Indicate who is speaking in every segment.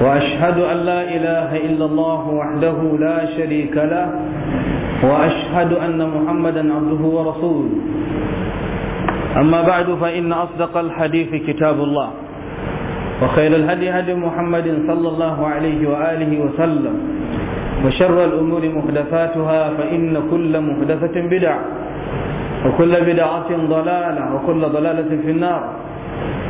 Speaker 1: واشهد ان لا اله الا الله وحده لا شريك له واشهد ان محمدا عبده ورسوله اما بعد فان اصدق الحديث كتاب الله وخير الهدي هدي محمد صلى الله عليه واله وسلم وشر الامور محدثاتها فان كل محدثه بدعه وكل بدعه ضلاله وكل ضلاله في النار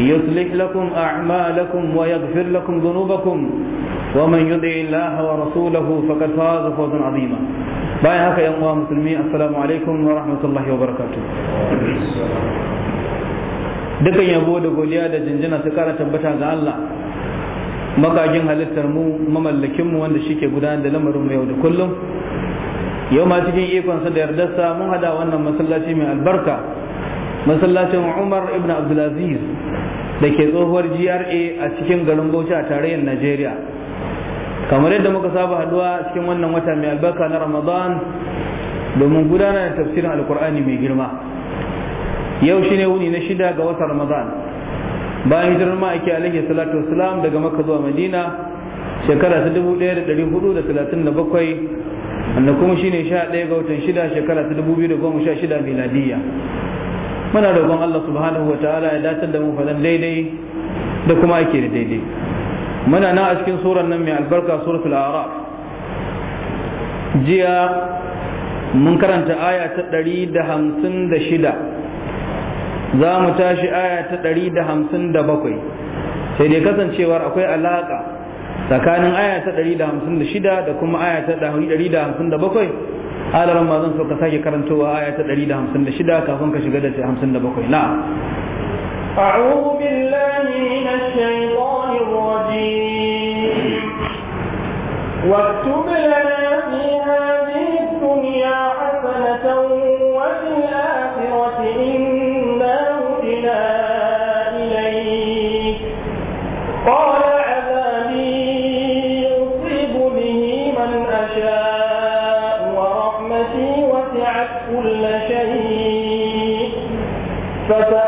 Speaker 1: يصلح لكم أعمالكم ويغفر لكم ذنوبكم ومن يطع الله ورسوله فقد فاز فوزا عظيما باي هكا يا أمة المسلمين السلام عليكم ورحمة الله وبركاته dukan yabo da godiya da jinjina su kara tabbata ga Allah makajin halittar mu mamallakin mu wanda shike gudanar da lamarin mu yau da kullum yau ma cikin ikonsa da yardarsa mun hada wannan masallaci mai albarka masallacin Umar ibn Abdulaziz da ke tsohuwar gra a cikin garin bauchi a tarayyar najeriya kamar yadda muka saba haduwa cikin wannan wata mai albarka na ramadan domin gudanar da tafsirin alkur'ani mai girma yau shine wuni na shida ga watan ramadan bayan hijirar ma'aiki alaihi salatu wasalam daga makka zuwa madina shekara ta 1437 wanda kuma shine 11 ga watan shida shekara ta 2016 miladiyya muna roƙon Allah subhanahu wa ta'ala ya dace da mu faɗan daidai da kuma ake da daidai muna nan a cikin surar nan mai albarka suratul araf jiya mun karanta aya ta ɗari da hamsin da shida za mu tashi aya ta ɗari da hamsin da bakwai sai dai kasancewar akwai alaƙa tsakanin aya ta ɗari da hamsin da shida da kuma aya ta ɗari da hamsin da bakwai adaran mazan zan sa ka sake karantowa aya ta da 156 kafin ka shiga da 57 na
Speaker 2: a'udhu billahi minash shaytanir rajim فتى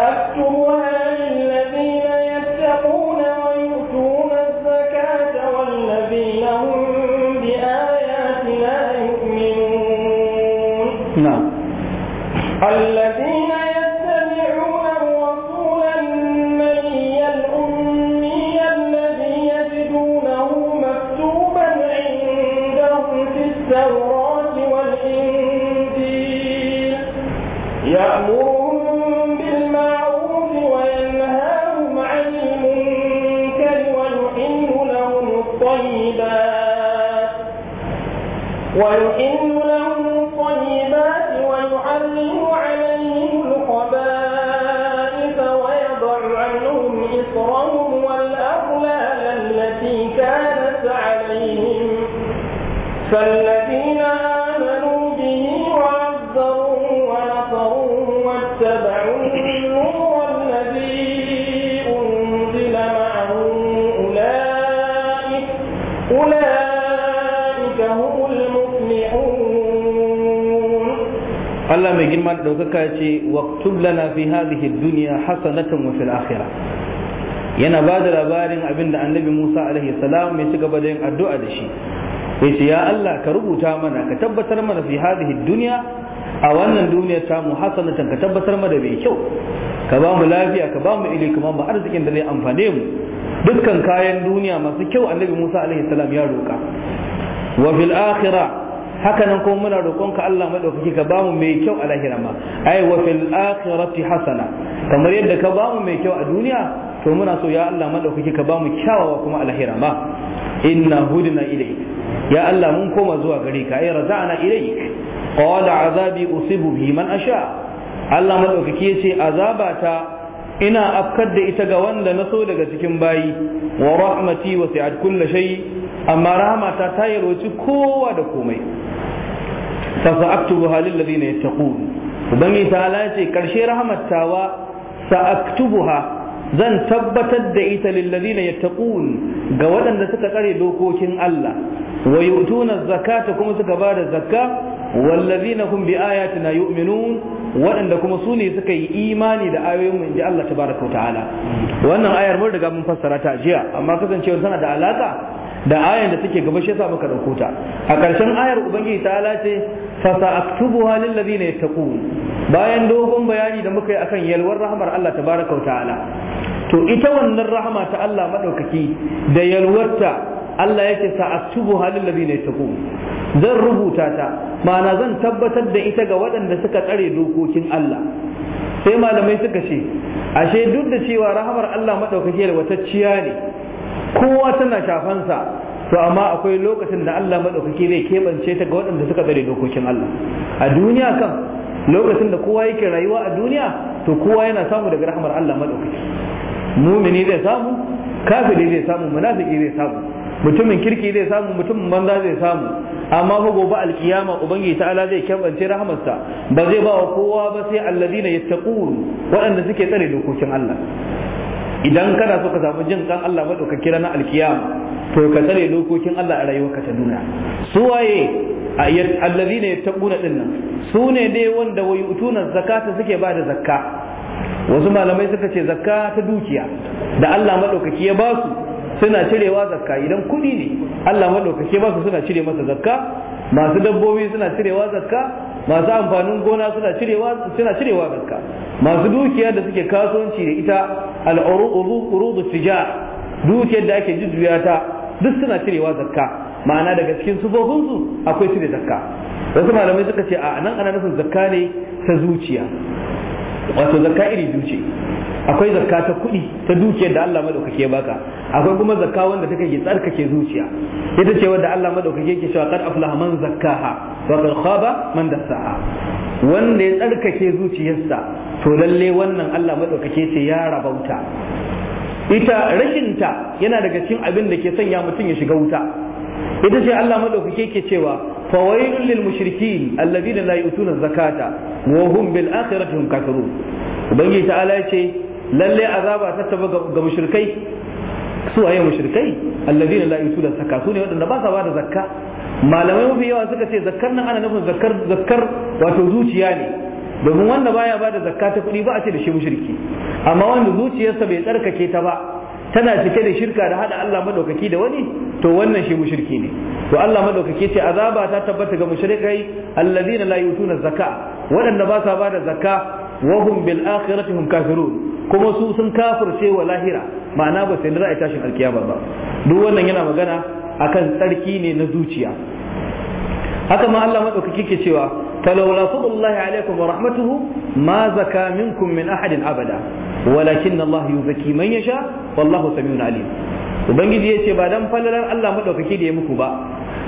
Speaker 2: Allah
Speaker 1: mai girma da ɗaukaka ce wa lana fi hadhihi dunya hasanatan wa fil akhirah yana ba da labarin abin da annabi Musa alaihi salam mai ci gaba da yin addu'a da shi sai ce ya Allah ka rubuta mana ka tabbatar mana fi hadhihi dunya a wannan duniyar ta mu hasanatan ka tabbatar mana bai kyau ka ba mu lafiya ka ba mu ilimi ba mu arzikin da zai amfane mu dukkan kayan duniya masu kyau annabi Musa alaihi salam ya roka wa fil akhirah haka nan kuma muna roƙon ka Allah madaukaki ka ba mu mai kyau a lahira ma ai wa fil akhirati hasana kamar yadda ka ba mu mai kyau a duniya to muna so ya Allah madaukaki ka ba mu kyawawa kuma a lahira ma inna hudna ilayk ya Allah mun koma zuwa gare ka ai raza'na ilayk qala azabi usibu bi man asha Allah madaukaki yace azabata ina afkar da ita ga wanda na so daga cikin bayi wa rahmati wasi'at kulli shay amma rahmata ta yarwaci kowa da komai fa sa'aktubuha lil ladina yattaqun ubangi ta ce karshe Rahmatawa sa'aktubuha zan tabbatar da ita lillazina yattaqun ga waɗanda suka tsare dokokin Allah wa yu'tuna zakata kuma suka ba da zakka wallazina hum bi ayatina yu'minun waɗanda kuma sune ne suka yi imani da ayoyin mu inji Allah tabaraka wa ta'ala wannan ayar mun riga mun fassara ta jiya amma kasancewar tana da alaka da ayan da take gaba shi yasa muka dauko ta a karshen ayar ubangiji ta ce fa sa'aktubuha lil ladina yattaqun bayan dogon bayani da muka yi akan yalwar rahmar Allah tabaraka wa ta'ala to ita wannan rahama ta Allah madaukaki da yalwarta Allah yake sa aktubu halin ladina yattaqun zan rubuta ta ma'ana zan tabbatar da ita ga waɗanda suka tsare dokokin Allah sai malamai suka ce ashe duk da cewa rahamar Allah madaukake da watacciya ne kowa tana shafansa to amma akwai lokacin da Allah madaukake zai keɓance ta ga waɗanda suka tsare dokokin Allah a duniya kan lokacin da kowa yake rayuwa a duniya to kowa yana samu daga rahamar Allah madaukake mumini zai samu kafiri zai samu munafiki zai samu mutumin kirki zai samu mutumin banza zai samu amma fa gobe alkiyama ubangiji ta'ala zai kyambance rahmarsa ba zai ba wa kowa ba sai alladina yattaqun waɗanda suke tsare dokokin Allah idan kana so ka samu jin kan Allah madaukaki ranar alkiyama to ka tsare dokokin Allah a rayuwarka ta duniya su waye alladina yattaquna dinnan su ne dai wanda wai wayutuna zakata suke ba da zakka wasu malamai suka ce zakka ta dukiya da Allah madaukaki ya ba su suna cirewa zakka idan kuɗi ne Allah madaukake ba su suna cire masa zakka masu dabbobi suna cirewa zakka masu amfanin gona suna cirewa suna cirewa zakka masu dukiya da suke kasuwanci da ita al-urudu tijar dukiyar da ake jujjuya ta duk suna cirewa zakka ma'ana daga cikin sufofinsu akwai cire zakka wasu malamai suka ce a nan ana nufin zakka ne ta zuciya wato zakka iri biyu ce akwai zakka ta kuɗi ta dukiyar da Allah madaukake ya baka akwai kuma zakka wanda take ke tsarkake zuciya ita ce wanda Allah madaukake yake cewa qad aflaha man zakkaha wa qad khaba man dassaha wanda ya tsarkake zuciyarsa to lalle wannan Allah madaukake ce ya rabauta ita rashinta yana daga cikin abin da ke sanya mutum ya shiga wuta ita ce Allah madaukake ke cewa fawailul lil mushrikeen alladhina la yu'tuna zakata wa hum bil akhirati hum kafirun ubangiji ta'ala ce lalle azaba ta taba ga mushrikai su waye mushrikai alladina la yutuna zakka su ne wadanda ba sa ba da zakka malamai mafi yawa suka ce zakkar nan ana nufin zakkar zakkar wato zuciya ne domin wanda baya ba da zakka ta kuɗi ba a ce da shi mushriki amma wanda zuciyarsa bai tsarkake ta ba tana cike da shirka da hada Allah madaukaki da wani to wannan shi mushriki ne to Allah madaukaki ce azaba ta tabbata ga mushrikai alladina la yutuna zakka wadanda ba sa ba da zakka wa hum bil akhirati hum kafirun kuma su sun kafirce wa lahira ma'ana ba sai za a tashin alkiyama ba duk wannan yana magana akan tsarki ne na zuciya haka ma Allah madaukaki ke cewa falawla fadlullahi alaikum wa rahmatuhu ma zaka minkum min ahadin abada walakin Allah yuzaki man yasha wallahu samiun alim ubangiji yace ba dan falalar Allah madaukaki da ya muku ba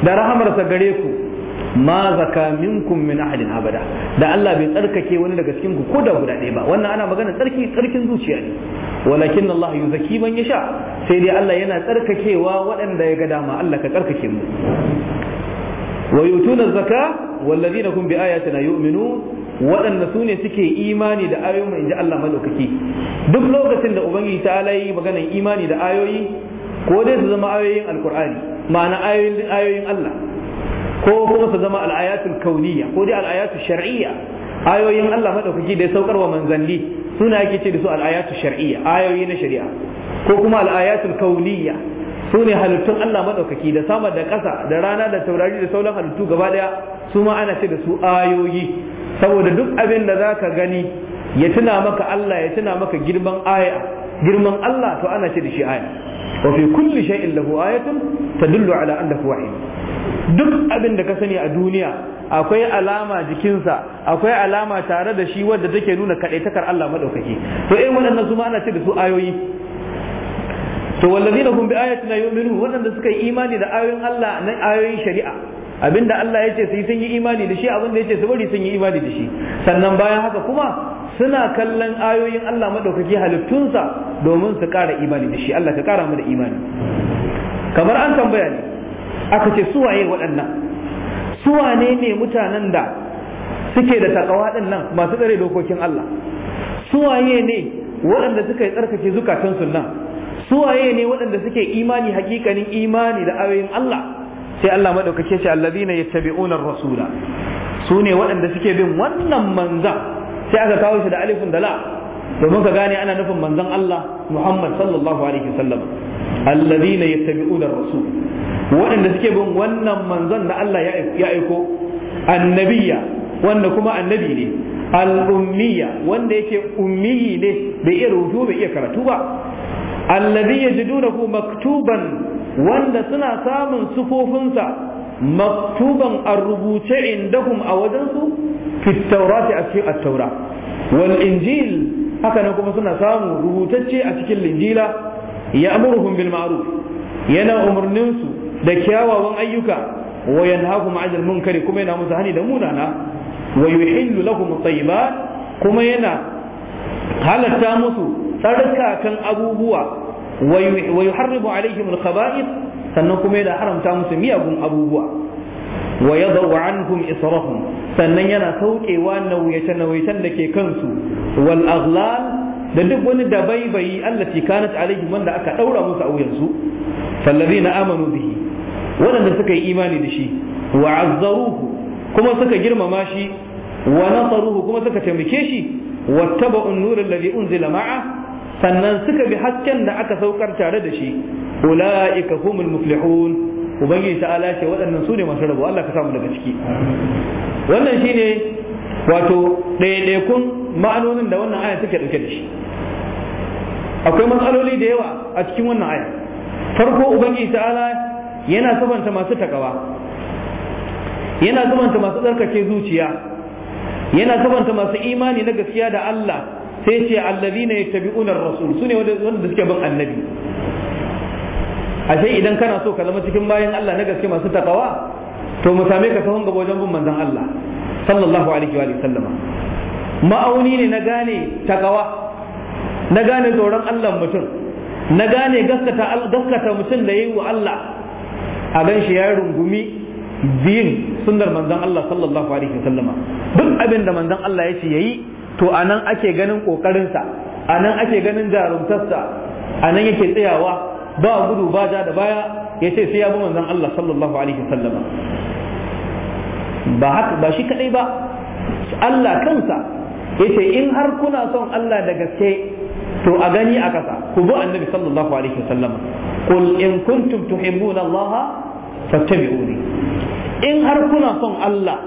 Speaker 1: da rahamarsa gare ku ma zaka minkum min ahadin abada da Allah bai tsarkake wani daga cikin ku koda guda ɗaya ba wannan ana magana tsarki tsarkin zuciya ne walakin Allah yuzaki man yasha sai dai Allah yana tsarkakewa waɗanda ya ga dama Allah ka tsarkake mu wa yutuna zaka wallazina hum bi ayatina yu'minun waɗanda su ne suke imani da ayoyi in ji Allah maɗaukaki duk lokacin da Ubangiji ta alayi maganan imani da ayoyi ko dai su zama ayoyin alkur'ani ma'ana ayoyin ayoyin Allah ko kuma su zama al'ayatul kauniya ko dai al'ayatul shar'iyya ayoyin Allah madaukaki da ya saukar wa manzanni suna yake ce da su al'ayatul shar'iyya ayoyi na shari'a ko kuma al'ayatul kauniya sune halittun Allah madaukaki da sama da ƙasa da rana da taurari da sauran halittu gaba daya su ma ana ce da su ayoyi saboda duk abin da zaka gani ya tuna maka Allah ya tuna maka girman aya girman Allah to ana ce da shi aya wa fi kulli shay'in lahu ayatun tadullu ala annahu wahid duk abin da ka sani a duniya akwai alama jikinsa akwai alama tare da shi wadda take nuna kaɗaitakar Allah maɗaukaki to irin waɗannan su ana ce da su ayoyi to wallazi da kun bi na yu'minu waɗanda suka yi imani da ayoyin Allah na ayoyin shari'a abinda Allah ya ce sai sun yi imani da shi abinda ya ce su bari sun yi imani da shi sannan bayan haka kuma suna kallon ayoyin Allah maɗaukaki halittunsa domin su ƙara imani da shi Allah ka ƙara mu da imani kamar an tambaya ne aka ce suwaye waɗannan suwane ne mutanen da suke da takawa ɗin nan masu tsare dokokin Allah suwaye ne waɗanda suka yi tsarkake zukatansu nan suwaye ne waɗanda suke imani hakikanin imani da ayoyin Allah sai Allah madaukake ce allazina yattabi'una ar-rasula su ne waɗanda suke bin wannan manzan sai aka kawo shi da alifin da la domin ka gane ana nufin manzan Allah Muhammad sallallahu alaihi wasallam allazina yattabi'una ar-rasul waɗanda suke bin wannan manzon da Allah ya aiko annabiya wanda kuma annabi ne al'ummiya wanda yake ummiyi ne bai iya rubutu bai iya karatu ba allazi yajidunahu maktuban wanda suna samun sufofinsa maktuban a rubuce indahum a wajensu fi taurati a cikin at-taura wal injil haka kuma suna samun rubutacce a cikin linjila ya amurhum bil ma'ruf yana umarninsu da kyawawan ayyuka wa yanhahum 'anil munkari kuma yana musu hani da munana wa yuhillu lahum tayyibat kuma yana halatta musu tsarkakan abubuwa wa yuharribu alaihim al-khaba'ith sannan kuma yana haramta musu miyagun abubuwa wa yadau anhum israhum sannan yana saukewa nauyace nauyacen da ke kansu wal aghlal da duk wani dabaibayi allati kanat alaihim wanda aka daura musu a wuyansu fallazina amanu bihi waɗanda suka yi imani da shi wa azzaruhu kuma suka girmama shi
Speaker 2: wa nasaruhu
Speaker 1: kuma suka taimake shi wa taba'un nurul ladhi unzila ma'a sannan suka bi hasken da aka saukar tare da shi ulaika humul muflihun ubangiji ta'ala ce waɗannan su ne masu rabo Allah ka samu daga ciki wannan shine wato ɗaiɗaikun ma'anonin da wannan aya suke ɗauke da shi akwai matsaloli da yawa a cikin wannan aya farko ubangiji ala. yana sabanta masu takawa yana sabanta masu tsarkake zuciya yana sabanta masu imani na gaskiya da Allah sai ce allazina yattabi'una ar-rasul sune wanda suke bin annabi ashe idan kana so ka zama cikin bayan Allah na gaske masu takawa to mu same ka sahun gaba wajen bin manzon Allah sallallahu alaihi wa sallama ma'auni ne na gane takawa na gane tsoron Allah mutum na gane gaskata gaskata mutum da yayi wa Allah a gan shi ya rungumi biyun sunnar manzon Allah sallallahu alaihi wasallam duk abin da manzon Allah ya ce yayi to anan ake ganin kokarinsa anan ake ganin jaruntarsa anan yake tsayawa ba gudu ba ja da baya yace ce sai ya bi manzon Allah sallallahu alaihi wasallam ba haka ba shi kadai ba Allah kansa yace in har kuna son Allah da gaske to a gani a kasa ku bi annabi sallallahu alaihi wasallam qul in kuntum tuhibbuna allaha fattabi'uni in har kuna son Allah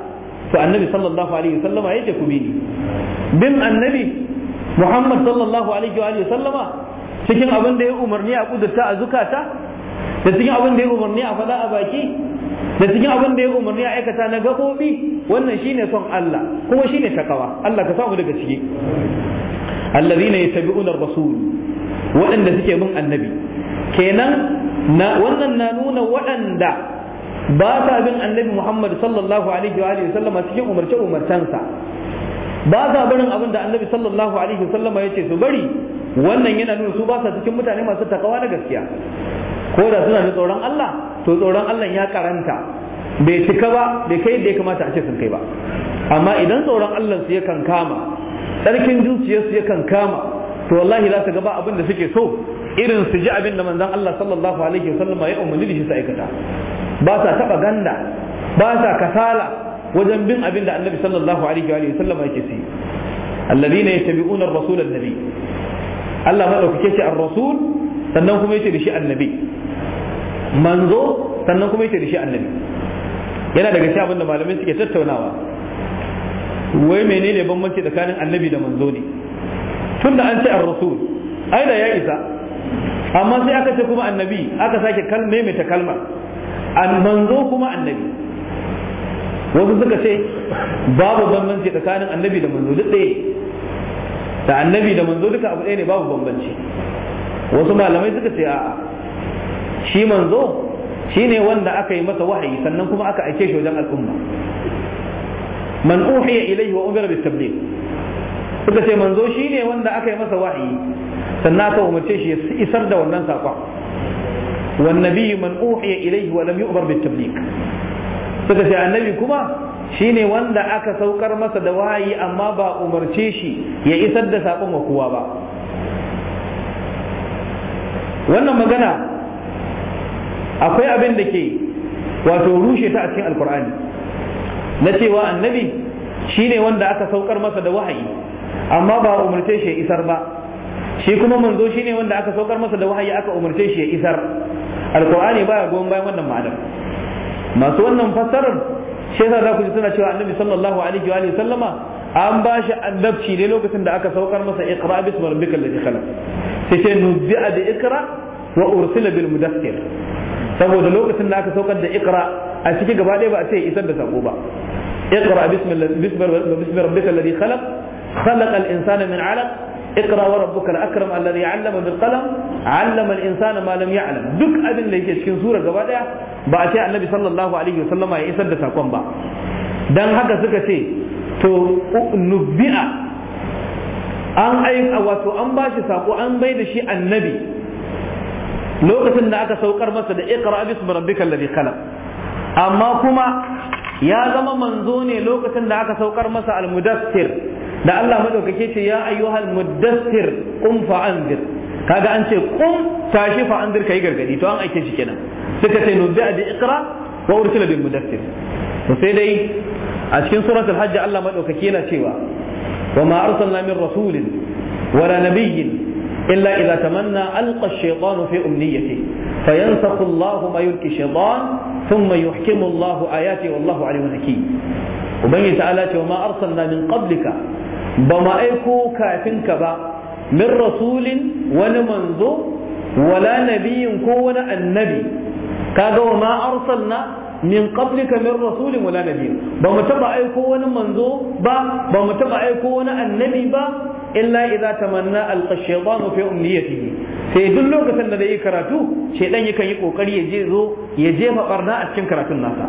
Speaker 1: to annabi sallallahu alaihi wasallam ya ce ku bi ni bin annabi Muhammad sallallahu alaihi wa sallama cikin abin da ya umarni a kudurta a zukata da cikin abin da ya umarni a fada a baki da cikin abin da ya umarni a aikata na gabobi wannan shine son Allah kuma shine takawa Allah ka samu daga ciki allazina yattabi'una ar-rasul waɗanda suke bin annabi kenan na wannan na nuna waɗanda ba sa bin annabi Muhammad sallallahu alaihi wa alihi sallama cikin umarce umarcensa ba sa barin abin da annabi sallallahu alaihi sallama yace su bari wannan yana nuna su ba sa cikin mutane masu takawa na gaskiya ko da suna da tsoron Allah to tsoron Allah ya karanta bai cika ba bai kai da ya kamata a ce sun kai ba amma idan tsoron Allah su yakan kama tsarkin zuciyarsu yakan kama to wallahi za ta gaba ba abin da suke so irin su ji abin da manzon Allah sallallahu alaihi wasallam ya umarni da shi su aikata ba sa taba ganda ba sa kasala wajen bin abin da annabi sallallahu alaihi wa sallam yake si alladhina yattabi'una ar-rasul an-nabi Allah madaukake shi ar-rasul sannan kuma yace da shi annabi manzo sannan kuma yace da shi annabi yana daga shi abin da malamai suke tattaunawa wai menene bambanci tsakanin annabi da manzo ne tun da an ce ar-rasul ai da ya isa amma sai aka ce kuma annabi aka sake kalme mai ta kalmar an manzo kuma annabi wasu suka ce babu bambanci tsakanin annabi da manzo duk ɗaya da annabi da manzo duka abu ɗaya ne babu bambanci wasu malamai suka ce a'a shi manzo shine wanda aka yi masa wahayi sannan kuma aka aike shi wajen al'umma
Speaker 2: man uhiya
Speaker 1: ilayhi wa umira bit suka ce manzo shine wanda aka yi masa wahayi sannan aka umarce shi ya isar da wannan saƙon. wan nabiyyu man uhiya ilayhi wa lam yu'mar bit suka ce annabi kuma shine wanda aka saukar masa da wahayi amma ba umarce shi ya isar da saƙon wa kowa ba wannan magana akwai abin da ke wato rushe ta a cikin alkur'ani na cewa annabi ne wanda aka saukar masa da wahayi amma ba umarce shi ya isar ba shi kuma manzo ne wanda aka saukar masa da wahayi aka umarce shi ya isar alqur'ani baya goyon bayan wannan ma'anar masu wannan fassarar shi yasa za ku ji suna cewa annabi sallallahu alaihi wa sallama an ba shi annabci ne lokacin da aka saukar masa iqra bismi rabbikal ladhi khalaq sai ce nubbi'a bi iqra wa ursila bil mudaththir saboda lokacin da aka saukar da ikra a ciki gaba ɗaya ba a ce isar da sako ba اقرا باسم ربك الذي خلق خلق الانسان من علق اقرا وربك الاكرم الذي علم بالقلم علم الانسان ما لم يعلم duk abin da yake cikin sura gaba daya ba a ce annabi sallallahu alaihi wasallam ya isar da sakon ba dan haka suka ce to nubbi'a an ai wato an bashi sako an bai da shi annabi lokacin da aka saukar masa da iqra bismi rabbikal ladhi khalaq amma kuma ya zama manzo ne lokacin da aka saukar masa al-mudaththir da Allah madaukake ce ya ayyuhal mudaththir qum fa anzir kaga an ce qum tashi fa anzir kai gargadi to an aike shi kenan suka ce nu bi ikra wa ursila bil mudaththir to sai dai a cikin suratul hajj Allah madaukake yana cewa wa ma arsalna min rasulin wala nabiyyin إلا إذا تمنى ألقى الشيطان في أمنيته فينسخ الله ما يلقي الشيطان ثم يحكم الله آياته والله عليم حكيم وبين تعالى وما أرسلنا من قبلك بما أيكو كافنك كبا من رسول ولا منذ ولا نبي كون النبي كذا وما أرسلنا min qablika min rasulin wala nabi ba mu taba aiko wani manzo ba ba mu taba aiko wani annabi ba illa idza tamanna alqa shaytanu fi umniyatihi sai duk lokacin da zai karatu shaydan yakan yi kokari ya je zo ya jefa barna a cikin karatun nasa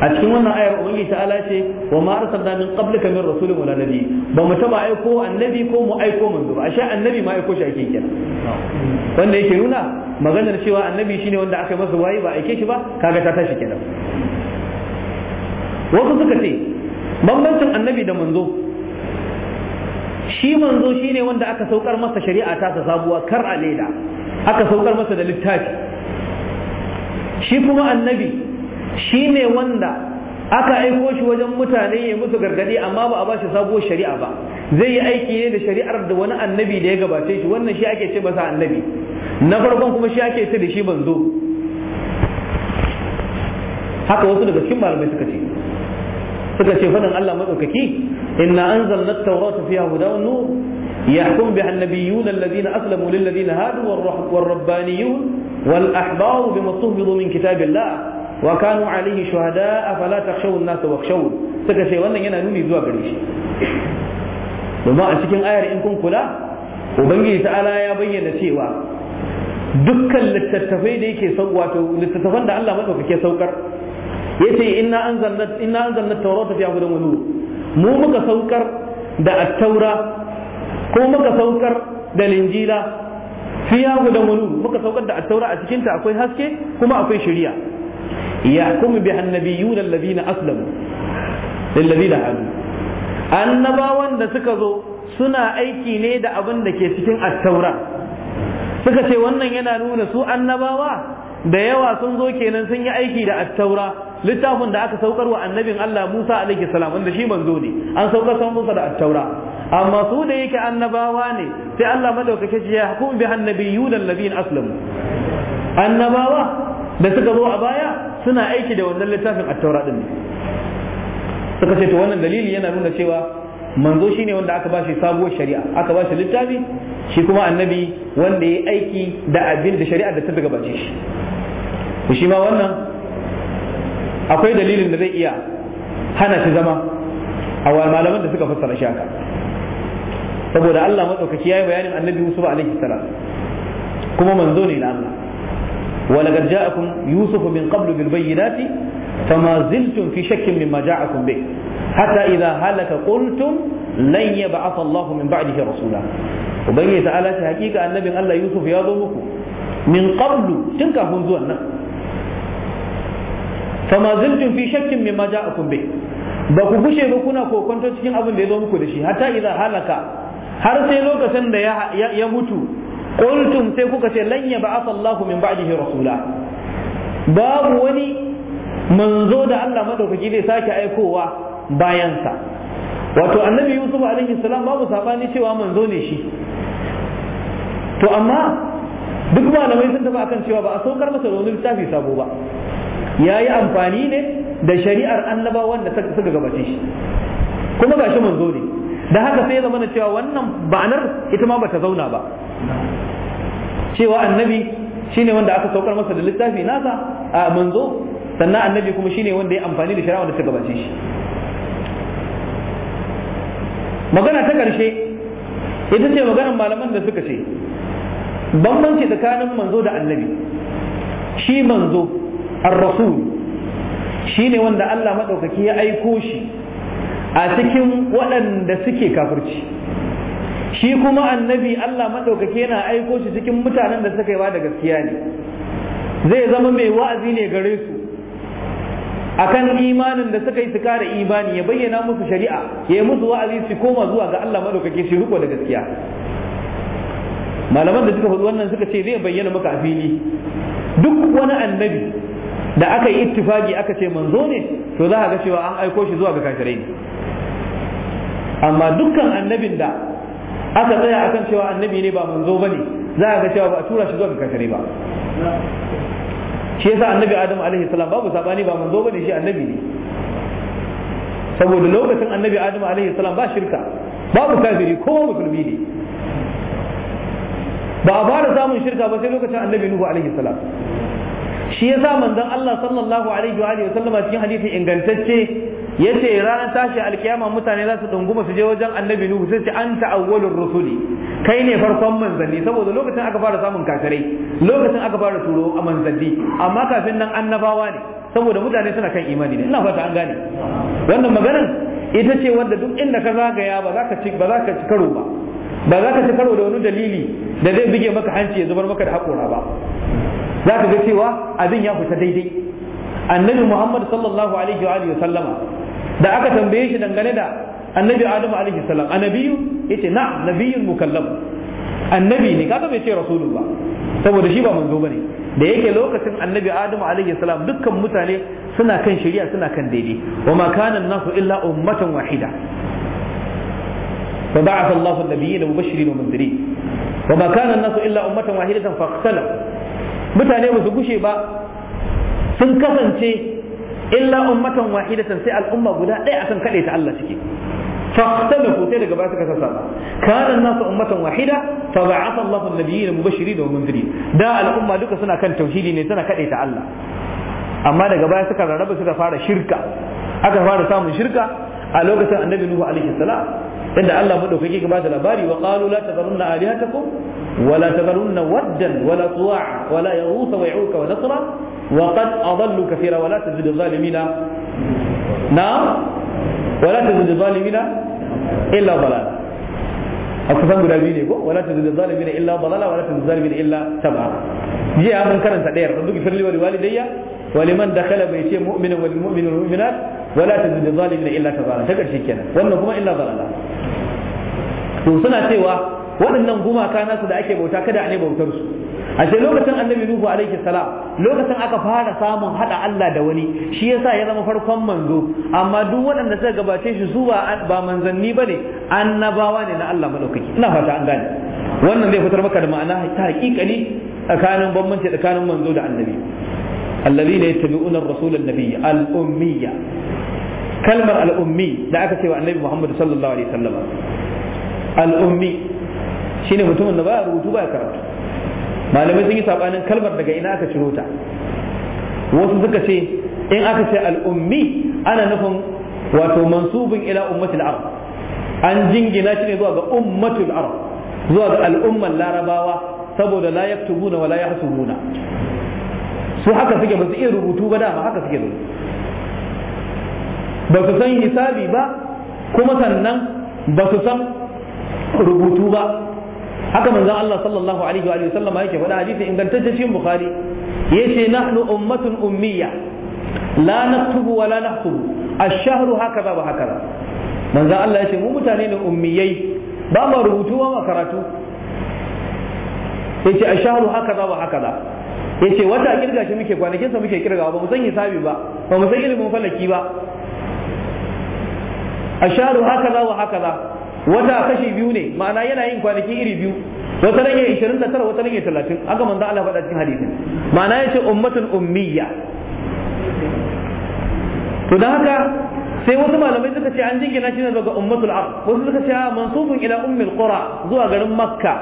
Speaker 1: a cikin wannan ayar ubangiji ta'ala ce wa ma arsalna min qablika min rasulin wala nabi ba mu taba aiko annabi ko mu aiko manzo ba ashe annabi ma aiko shi ake kenan wanda yake nuna maganar cewa annabi shine wanda aka masa wayi ba aike shi ba kaga ta tashi kenan wasu suka ce bambancin annabi da manzo shi manzo shine wanda aka saukar masa shari'a ta ta sabuwa kar a leda aka saukar masa da littafi shi kuma annabi shine wanda aka aiko shi wajen mutane ya musu gargadi amma ba a ba shi sabuwar shari'a ba zai yi aiki ne da shari'ar da wani annabi da ya gabace shi wannan shi ake ce masa annabi na farkon kuma shi ake ce da shi banzo haka wasu daga cikin malamai suka ce suka ce fadin Allah madaukaki inna anzalna at-taurata fiha hudan wa nur yahkum biha an-nabiyyun alladhina aslamu lil ladina hadu war-rabbaniyun wal ahbaru bima tuhfidu min kitabillah wa kanu alaihi shuhada afala takhshawun nas wakhshawun suka ce wannan yana nuni zuwa gare shi domin a cikin ayar in kun kula ubangiji ta'ala ya bayyana cewa dukkan littattafai da yake wato littattafan da Allah madaukake saukar yace inna anzalna inna anzalna tawrata fi hudan wa mu muka saukar da at-taura ko muka saukar da linjila fi hudan wa muka saukar da at-taura a cikin ta akwai haske kuma akwai shari'a yahkum biha annabiyuna alladhina aslamu lilladhina hadu annabawan da suka zo suna aiki ne da abin da ke cikin attaura suka ce wannan yana nuna su annabawa da yawa sun zo kenan sun yi aiki da attaura littafin da aka saukar wa annabin Allah Musa alaihi salam wanda shi manzo ne an saukar san Musa da attaura amma su da yake annabawa ne sai Allah madaukake shi ya hukum bi annabiyyu dallabin aslamu annabawa
Speaker 3: da suka zo a baya
Speaker 1: suna aiki da wannan littafin attaura din suka ce to wannan dalili yana nuna cewa manzo shine wanda aka shi sabuwar shari'a aka shi littafi shi kuma annabi wanda ya aiki da abin da shari'a da ta gabace shi shi ma wannan akwai dalilin da zai iya hana shi zama a malaman da suka fassara shi haka saboda Allah matsaukaki yayi bayanin annabi Musa alaihi salam kuma manzo ne na Allah ولقد جاءكم يوسف من قبل بالبينات فما زلتم في شك مما جاءكم به حتى إذا هلك قلتم لن يبعث الله من بعده رسولا وبين تعالى حقيقة النبي الله يوسف يا من قبل تنكا هنزونا فما زلتم في شك مما جاءكم به ba ku gushe ba kuna kokonto cikin abin da ya zo muku da shi hatta idan halaka har sai lokacin da ya mutu qultum sai kuka ce lan yab'atha Allahu min ba'dihi rasula babu wani manzo da Allah madaukaki zai sake aikowa bayansa wato annabi Yusuf alaihi salam babu sabani cewa manzo ne shi to amma duk malamai sun tafi akan cewa ba a saukar masa da wani littafi sabo ba ya yi amfani ne da shari'ar annabawan da suka gabace shi kuma ga shi manzo ne da haka sai ya zama cewa wannan ba'anar ita ma bata zauna ba cewa annabi shine wanda aka saukar masa da littafi nasa a manzo sannan annabi kuma shine wanda ya amfani da shari'a wanda ta gabace shi magana ta ƙarshe ita ce maganar malaman da suka ce bambanci tsakanin manzo da annabi shi manzo ar-rasul shine wanda Allah maɗaukaki ya aiko shi a cikin waɗanda suke kafirci shi kuma annabi Allah maɗaukaki yana aiko shi cikin mutanen da suka yi da gaskiya ne zai zama mai wa'azi ne gare su akan imanin da suka yi su kare imani ya bayyana musu shari'a ya yi musu wa'azi su koma zuwa ga Allah maɗaukaki shi riko da gaskiya malaman da suka faɗi wannan suka ce zai bayyana maka a fili duk wani annabi da aka yi ittifaki aka ce manzo ne to za a ga cewa an aiko shi zuwa ga kafirai amma dukkan annabin da aka tsaya akan cewa annabi ne ba manzo ne za ga cewa ba a tura shi zuwa ga kafire ba shi yasa annabi adam alaihi salam babu sabani ba manzo ne shi annabi ne saboda lokacin annabi adam alaihi salam ba shirka babu kafiri kowa musulmi ne ba a fara samun shirka ba sai lokacin annabi nuhu alaihi salam shi ya sa manzon Allah sallallahu alaihi wa sallama cikin hadisi ingantacce ya ce ranar tashi alkiyama mutane za su ɗunguma su je wajen annabi nuhu sai ce an awwalur rusuli kai ne farkon manzanni saboda lokacin aka fara samun kafirai lokacin aka fara turo a manzanni amma kafin nan annabawa ne saboda mutane suna kan imani ne ina fata an gane wannan maganar ita ce wanda duk inda ka zagaya ba za ka ci ba za ka ci karo ba ba za ka ci karo da wani dalili da zai bige maka hanci ya zubar maka da haƙora ba za ka ga cewa abin ya fita daidai annabi muhammad sallallahu alaihi wa alihi sallama da aka tambaye shi dangane da annabi adamu alaihi salam annabiyu yace na nabiyyun mukallam annabi ne kaga bai ce rasulun ba saboda shi ba manzo bane da yake lokacin annabi adamu alaihi salam dukkan mutane suna kan shari'a suna kan daidai wa ma kana nasu illa ummatan wahida فبعث الله النبيين Wa ma وما كان الناس الا امه واحده فاختلفوا mutane ba su gushe ba sun kasance illa ummatan wahidatan sai al'umma guda ɗaya akan kaɗe ta Allah suke فاختلفوا تلك بعد كذا كان الناس أمة واحدة فبعث الله النبيين مبشرين al'umma duka suna kan tauhidi ne توحيدي kaɗe ta تعالى amma daga baya suka rarraba suka fara shirka aka fara samun shirka a lokacin annabi nuhu alaihi salam inda Allah madaukake ya da labari wa qalu la ta alihatakum ولا تذرن ودا ولا طواعا ولا يغوث ويعوك ونصرا وقد أضلوا كثيرا ولا تزد الظالمين نعم ولا تزد الظالمين إلا ضلالا أكثر من الذين ولا تزد الظالمين إلا ضلالا ولا تزد الظالمين إلا تبعا جاء من كرن تدير ربك فر لي ولوالدي ولمن دخل بيتي مؤمنا والمؤمن والمؤمنات ولا تزد الظالمين إلا تبعا تكر شيء كنا وأنكما إلا ضلالا وصنع سوى waɗannan gumaka nasu da ake bauta kada a ne bautar su a ce lokacin annabi nuhu alaihi salam lokacin aka fara samun hada Allah da wani shi yasa ya zama farkon manzo amma duk waɗanda suka gabace shi su ba ba manzanni bane annabawa ne na Allah madaukaki ina fata an gane wannan zai fitar maka da ma'ana ta hakikani tsakanin bambanci tsakanin manzo da annabi الذين يتبعون الرسول النبي الأمية كلمة الأمي لا أكثر النبي محمد صلى الله عليه وسلم الأمي shine mutumin da ba ya rubutu ba ya karatu malamai sun yi sabanin kalmar daga ina aka ciro ta wasu suka ce in aka ce al'ummi ana nufin wato mansubin ila ummatul arab an jingina shi ne zuwa ga ummatul arab zuwa ga al'ummar larabawa saboda la yaktubuna wa la yahsubuna su haka suke ba su iya rubutu ba dama haka suke ba su san hisabi ba kuma sannan ba su san rubutu ba haka manzon Allah sallallahu alaihi wa alihi sallama yake faɗa hadisi ingantacce cikin bukhari yace nahnu ummatun ummiya la naktubu wa la nahtubu ash-shahru hakaza wa hakaza manzon Allah yace mu mutane ne ummiyai ba mu rubutu ba mu karatu yace ash-shahru hakaza wa hakaza yace wata kirga shi muke kwanakin sa muke kirgawa ba mu san hisabi ba ba mu san ilimin falaki ba ash-shahru hakaza wa hakaza wata kashi biyu ne ma'ana yana yin kwanaki iri biyu wata rage 29 wata rage 30 aka manzo Allah faɗa cikin hadisin ma'ana ce ummatul ummiya to dan haka sai wasu malamai suka ce an jingina shi ne daga ummatul arab wasu suka ce mansubun ila ummil qura zuwa garin makka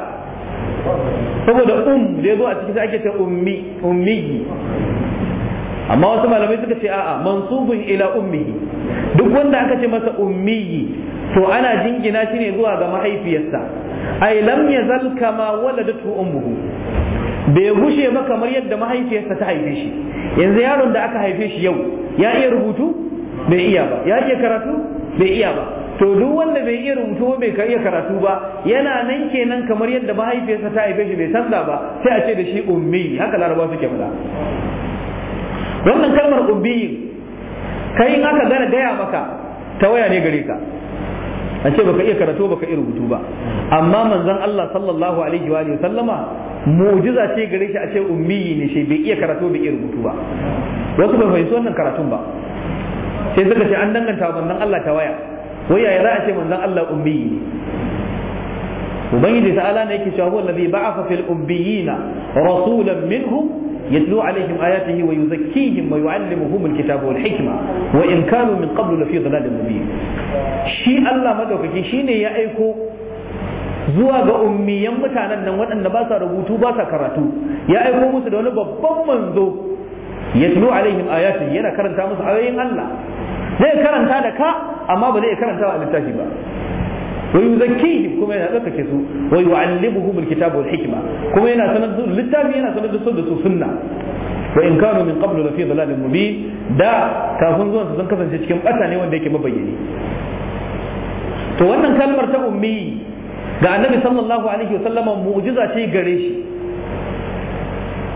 Speaker 1: saboda um da yazo a cikin sai ake ce ummi ummi amma wasu malamai suka ce a'a mansubun ila ummihi duk wanda aka ce masa ummiyi to ana jingina shi ne zuwa ga mahaifiyarsa ai lam yazal kama waladatu ummuhu bai gushe ba kamar yadda mahaifiyarsa ta haife shi yanzu yaron da aka haife shi yau ya iya rubutu bai iya ba ya iya karatu bai iya ba to duk wanda bai iya rubutu bai iya karatu ba yana nan kenan kamar yadda mahaifiyarsa ta haife shi bai sanda ba sai a ce da shi ummi haka laraba suke faɗa wannan kalmar umbiyin kai in aka gana gaya maka ta waya ne gare ka a ce baka iya karatu baka iya rubutu ba amma manzon Allah sallallahu alaihi wa sallama mu'jiza ce gare shi a ce ummiyi ne shi bai iya karatu bai iya rubutu ba wasu bai fahimci wannan karatun ba sai suka ce an danganta manzon Allah ta waya wai yaya za a ce manzon Allah ummiyi ne ubangiji ta'ala ne yake cewa huwa allazi ba'atha fil ummiyina rasulan minhum يتلو عليهم آياته ويزكيهم ويعلمهم الكتاب والحكمة وإن كانوا من قبل لفي ضلال مبين شيء الله مدوكك شيء يا أيكو zuwa ga ummiyan mutanen nan waɗanda ba sa rubutu ba sa karatu ya aiko musu da wani babban manzo ya tulo alaihim ayatin yana karanta musu ayoyin Allah zai karanta da ka amma ba zai karanta a littafi ba wa yuzakkihim kuma yana tsarkake su wa yu'allimuhum kuma yana sanar da yana sanar da su da sunna wa in kanu min qablu lafi dhalalin mubin da kafin zuwan su kasance cikin bata ne wanda yake mabayyani to wannan kalmar ta ummi ga annabi sallallahu alaihi wa sallama mu'jiza ce gare shi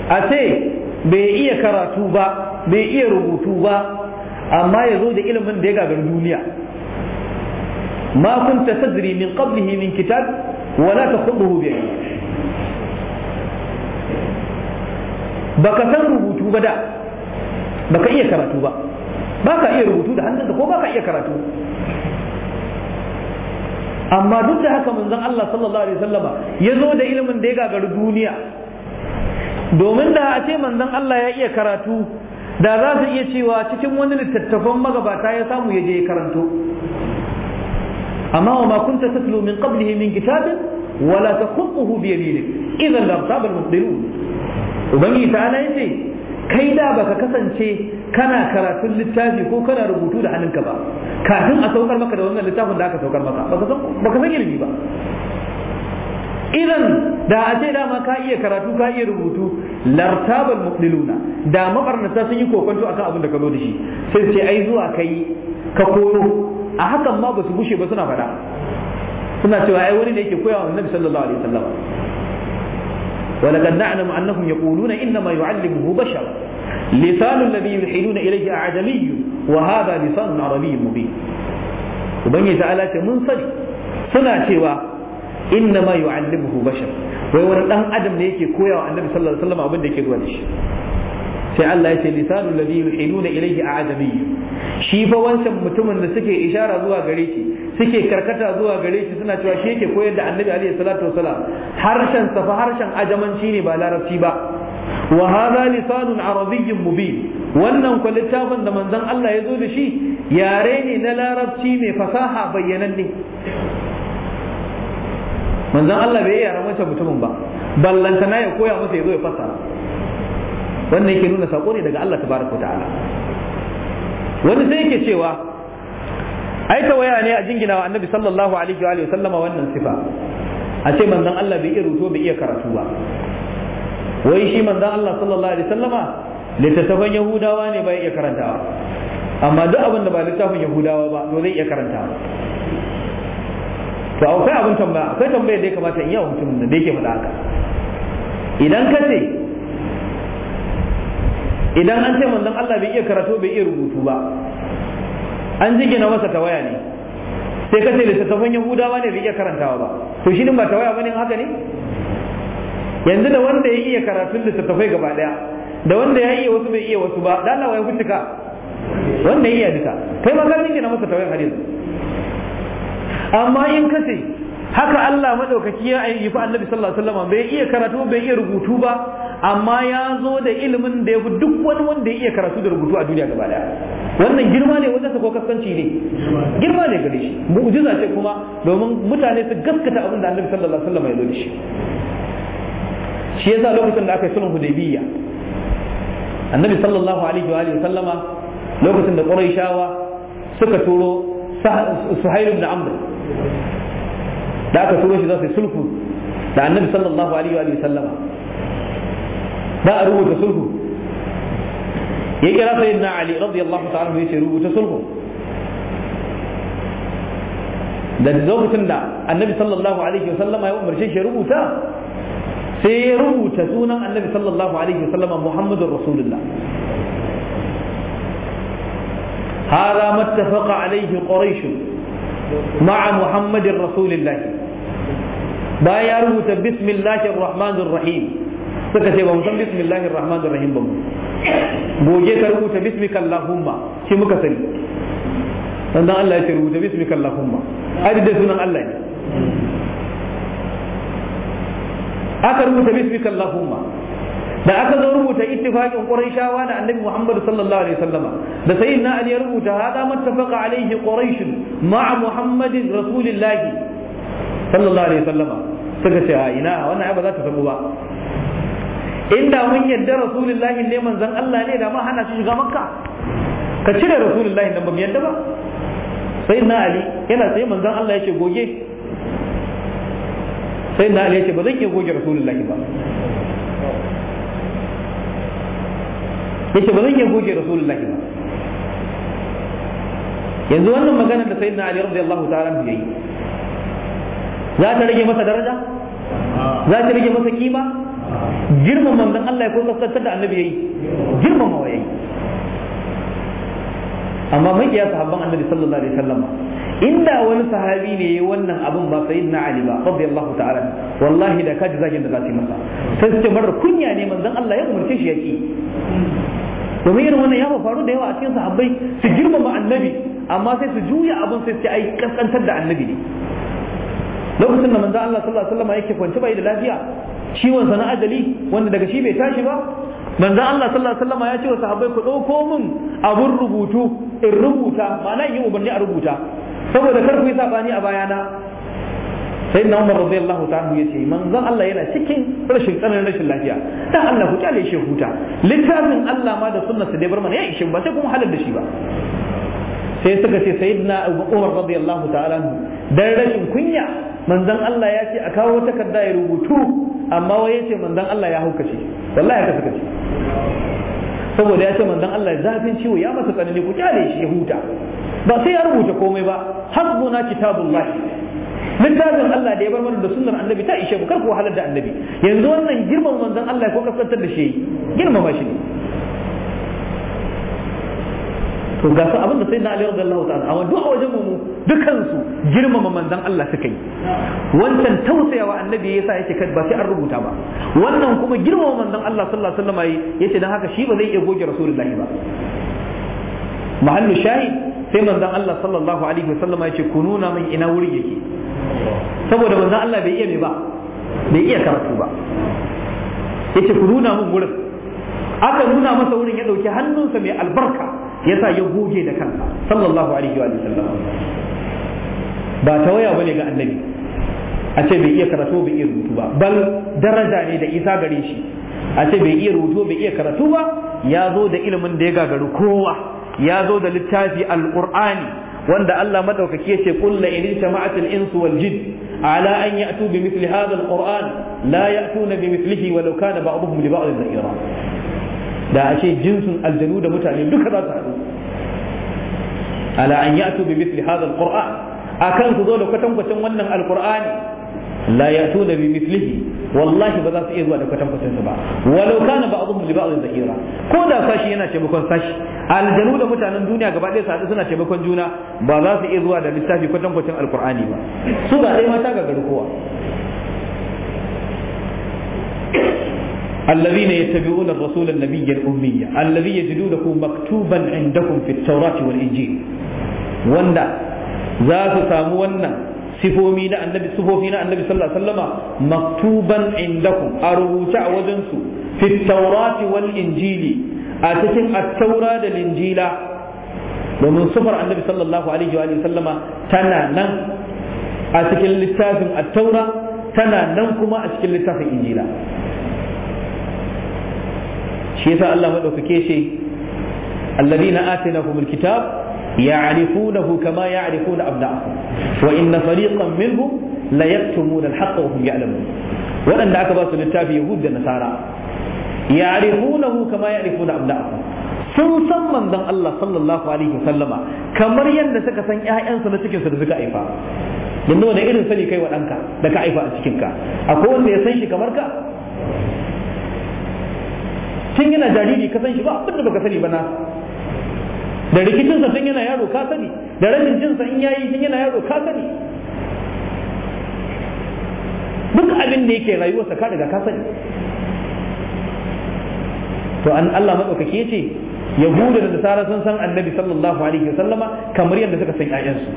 Speaker 1: a ce bai iya karatu ba bai iya rubutu ba amma ya zo da ilimin da ya gagar duniya ما كنت تدري من قبله من كتاب ولا تخطه بعينك baka san rubutu ba da baka iya karatu ba baka iya rubutu da hannunka ko baka iya karatu amma duk da haka manzon Allah sallallahu alaihi wasallama ya zo da ilimin da ya gagaru duniya domin da a ce manzon Allah ya iya karatu da za su iya cewa cikin wani littattafan magabata ya samu ya je ya karanto أما وما كنت تتلو من قبله من كتاب ولا تخطه بيمينك إذا لارتاب المبطلون وبني تعالى يجي kai da baka kasance kana karatun littafi ko kana rubutu da hannunka ba kafin a saukar maka da wannan littafin da aka saukar maka baka san ilimi ba idan da a ce dama ka iya karatu ka iya rubutu lartabal muqdiluna da mabarnata sun yi kokonto akan abin da ka zo da shi sai ce ai zuwa kai ka koyo a hakan ma ba su ba suna fada suna cewa ai wani ne yake koyawa annabi sallallahu alaihi wasallam ولقد نعلم انهم يقولون انما يعلمه بشر لسان الذي يلحدون اليه اعجمي وهذا لسان عربي مبين وبني تعالى من سنا cewa انما يعلمه بشر wai wani dan adam ne yake koyawa annabi sallallahu alaihi wasallam abin da sai Allah ya ce lisanul ladhi yuhiluna ilayhi a'jami shi fa wancan mutumin da suke ishara zuwa gare shi suke karkata zuwa gare shi suna cewa shi yake koyar da annabi alaihi salatu wasalam harshen sa fa harshen ajamanci ne ba larabci ba wa hadha lisanun arabiyyun mubin wannan kwa littafin da manzon Allah ya zo da shi yare ne na larabci mai fasaha bayyananne manzon Allah bai yara mata mutumin ba ballantana ya koya masa ya zo ya fasara wannan yake nuna saƙo ne daga Allah tabaraka ta'ala wani sai yake cewa ai tawaya ne a jingina wa annabi sallallahu alaihi wa sallama wannan sifa a ce manzon Allah bai iya rubuto bai iya karatu ba wai shi manzon Allah sallallahu alaihi wa sallama littattafan yahudawa ne bai iya karantawa amma duk abin da ba littafin yahudawa ba to zai iya karantawa to akwai abin tambaya akwai tambaya da ya kamata in yi wa mutumin da yake faɗa haka idan ka ce idan an ce manzon Allah bai iya karatu bai iya rubutu ba an na masa tawaya ne sai kace littattafan yahudawa ne bai iya karantawa ba to shi din ba tawaya bane haka ne yanzu da wanda ya iya karatun littattafai gaba daya da wanda ya iya wasu bai iya wasu ba da Allah ya ka? wanda ya iya duka kai ma ka na masa tawayan hadisi amma in kace haka Allah madaukaki ya aiki fa annabi sallallahu alaihi wasallam bai iya karatu bai iya rubutu ba amma ya zo da ilimin da yafi duk wani wanda ya iya karatu da rubutu a duniya gaba daya wannan girma ne wajen ko kaskanci ne girma ne gare shi mu'jiza ce kuma domin mutane su gaskata abin da annabi sallallahu alaihi wasallam ya zo da shi shi yasa lokacin da aka yi sulhun hudaybiyya annabi sallallahu alaihi wa sallam lokacin da quraishawa suka turo suhail ibn amr da aka turo shi za su yi sulhu da annabi sallallahu alaihi wa sallama ba a rubuta sulhu ya kira sai na ali radiyallahu ta'ala ya ce rubuta sulhu da lokacin da annabi sallallahu alaihi wa sallama ya umarce shi rubuta sai ya rubuta sunan annabi sallallahu alaihi wa sallama muhammadur rasulullah هذا ما اتفق عليه قريش مع محمد رسول الله bayan ya rubuta bismillahir rahmanir rahim suka ce ba mu san bismillahir rahmanir rahim ba mu goge ka rubuta bismika allahumma shi muka sani sannan Allah ya ce rubuta bismika allahumma adi sunan Allah ne aka rubuta bismika allahumma da aka zo rubuta ittifaqin quraishawa da annabi muhammad sallallahu alaihi wasallama da sayyidina ali ya rubuta hada mattafaqa alaihi quraish ma'a muhammadin rasulillahi sallallahu alaihi wasallama suka ce a ina wannan ai ba za ta samu ba inda mun yarda rasulullahi ne manzon Allah ne da ma hana shi shiga makka ka cire rasulullahi nan ba mu yadda ba sai na ali yana sai manzon Allah yake goge sai na ali yake ba zan iya goge rasulullahi ba yace ba zan iya goge rasulullahi ba yanzu wannan magana da sayyidina ali radiyallahu ta'ala ya yi za ta rage masa daraja za ta rage masa kima girman manzon Allah ya ko kaskantar da annabi yayi girman mawa yayi amma mai iya sahabban annabi sallallahu alaihi wasallam inda wani sahabi ne yayi wannan abun ba sayyidina ali ba radiyallahu ta'ala wallahi da kaji zagin da za su masa sai suke marar kunya ne manzon Allah ya umarce shi yaki domin irin wannan ya faru da yawa a cikin sahabbai su girmama annabi amma sai su juya abun sai su ce ai kaskantar da annabi ne lokacin da manzo Allah sallallahu alaihi wasallam yake kwance bai da lafiya ciwon sana ajali wanda daga shi bai tashi ba manzo Allah sallallahu alaihi wasallam ya ce wa sahabbai ku ɗauko min abun rubutu in rubuta ma'ana yi ubanni a rubuta saboda kar ku yi sabani a bayana sai na Umar radiyallahu ta'ala yace manzo Allah yana cikin rashin tsananin rashin lafiya dan Allah ku kyale shi huta littafin Allah ma da sunnarsa da bar mana ya ishe ba sai kuma halar da shi ba sai suka ce sayyidina Umar radiyallahu ta'ala dan rashin kunya manzon Allah ya ce a kawo takarda ya rubutu amma wai ya ce manzon Allah ya haukace wallahi ya kasa ce saboda ya ce manzon Allah zafin ciwo ya masa tsanani ku kyale shi ya huta ba sai ya rubuta komai ba hasbuna kitabullah littafin Allah da ya bar mana da sunnar annabi ta ishe mu kar ku wahalar da annabi yanzu wannan girman manzon Allah ko kasantar da shi girmama shi ne to ga su da sai na aliyar Allah ta'ala amma duk a wajen mu dukansu girmama manzan Allah suka yi wancan tausayawa annabi yasa yake kad ba sai an rubuta ba wannan kuma girmama manzan Allah sallallahu alaihi wasallam yace dan haka shi ba zai iya goge rasulullahi ba mahallu shahid sai manzan Allah sallallahu alaihi wasallam yace ku nuna min ina wuri yake saboda manzan Allah bai iya me ba bai iya karatu ba yace ku nuna min wurin aka nuna masa wurin ya dauki hannunsa mai albarka yasa ya goge da kansa sallallahu alaihi wa sallam ba tawaya bane ga annabi a ce bai iya karatu bai iya rubutu ba bal daraja ne da isa gare shi a ce bai iya rubutu bai iya karatu ba ya zo da ilimin da ya gagaru kowa ya zo da littafi alqur'ani wanda Allah madaukaki yace ce la in jama'atul insu wal jin ala an ya'tu bi mithli hadha alqur'an la ya'tuna bi mithlihi walau kana ba'dhum da a ce jinsin aljanu da mutane duka za su haɗu ala an ya'tu bi mithli hadha A kan su zo da kwatankwacin wannan alqur'ani la ya'tuna bi mithlihi wallahi ba za su iya zuwa da kwatankwacin su ba walau kana ba'dhum li ba'd zahira ko da sashi yana taimakon sashi aljanu da mutanen duniya gaba ɗaya su haɗu suna taimakon juna ba za su iya zuwa da littafi kwatankwacin alqur'ani ba su ba ɗaya mata ga garkuwa الذين يتبعون الرسول النبي الأمي الذي يجدونه مكتوبا عندهم في التوراة والإنجيل وندا ذات سامونا سفومينا النبي سفوفينا النبي صلى الله عليه وسلم مكتوبا عندكم أروجع وجنسو في التوراة والإنجيل أتتم التوراة والإنجيل ومن صفر النبي صلى الله عليه وآله وسلم تنا أتكلم للتافن التوراة تنا ننكما أتكلم للتافن الإنجيل shi yasa Allah madaukake shi alladina atainahumul kitab ya'rifunahu kama ya'rifuna abna'ahum wa inna fariqan minhum la yaktumuna al-haqqa wa hum ya'lamun waɗanda aka ba su littafi yahud da nasara ya'rifunahu kama ya'rifuna abna'ahum sun san manzon Allah sallallahu alaihi wasallama kamar yadda suka san ƴaƴansu na cikinsu da suka haifa yanzu wani irin sani kai wa danka da ka haifa a cikinka akwai wanda ya san shi
Speaker 3: kamar ka tun yana jariri
Speaker 1: ka san shi ba abin da baka sani ba na da rikicinsa tun yana yaro ka sani da rashin jinsa in yayi tun yana yaro ka sani duk abin da yake rayuwarsa ka daga ka sani to an Allah madaukake yace yahuda da nasara sun san annabi sallallahu alaihi wasallama kamar yadda suka san ƴaƴansu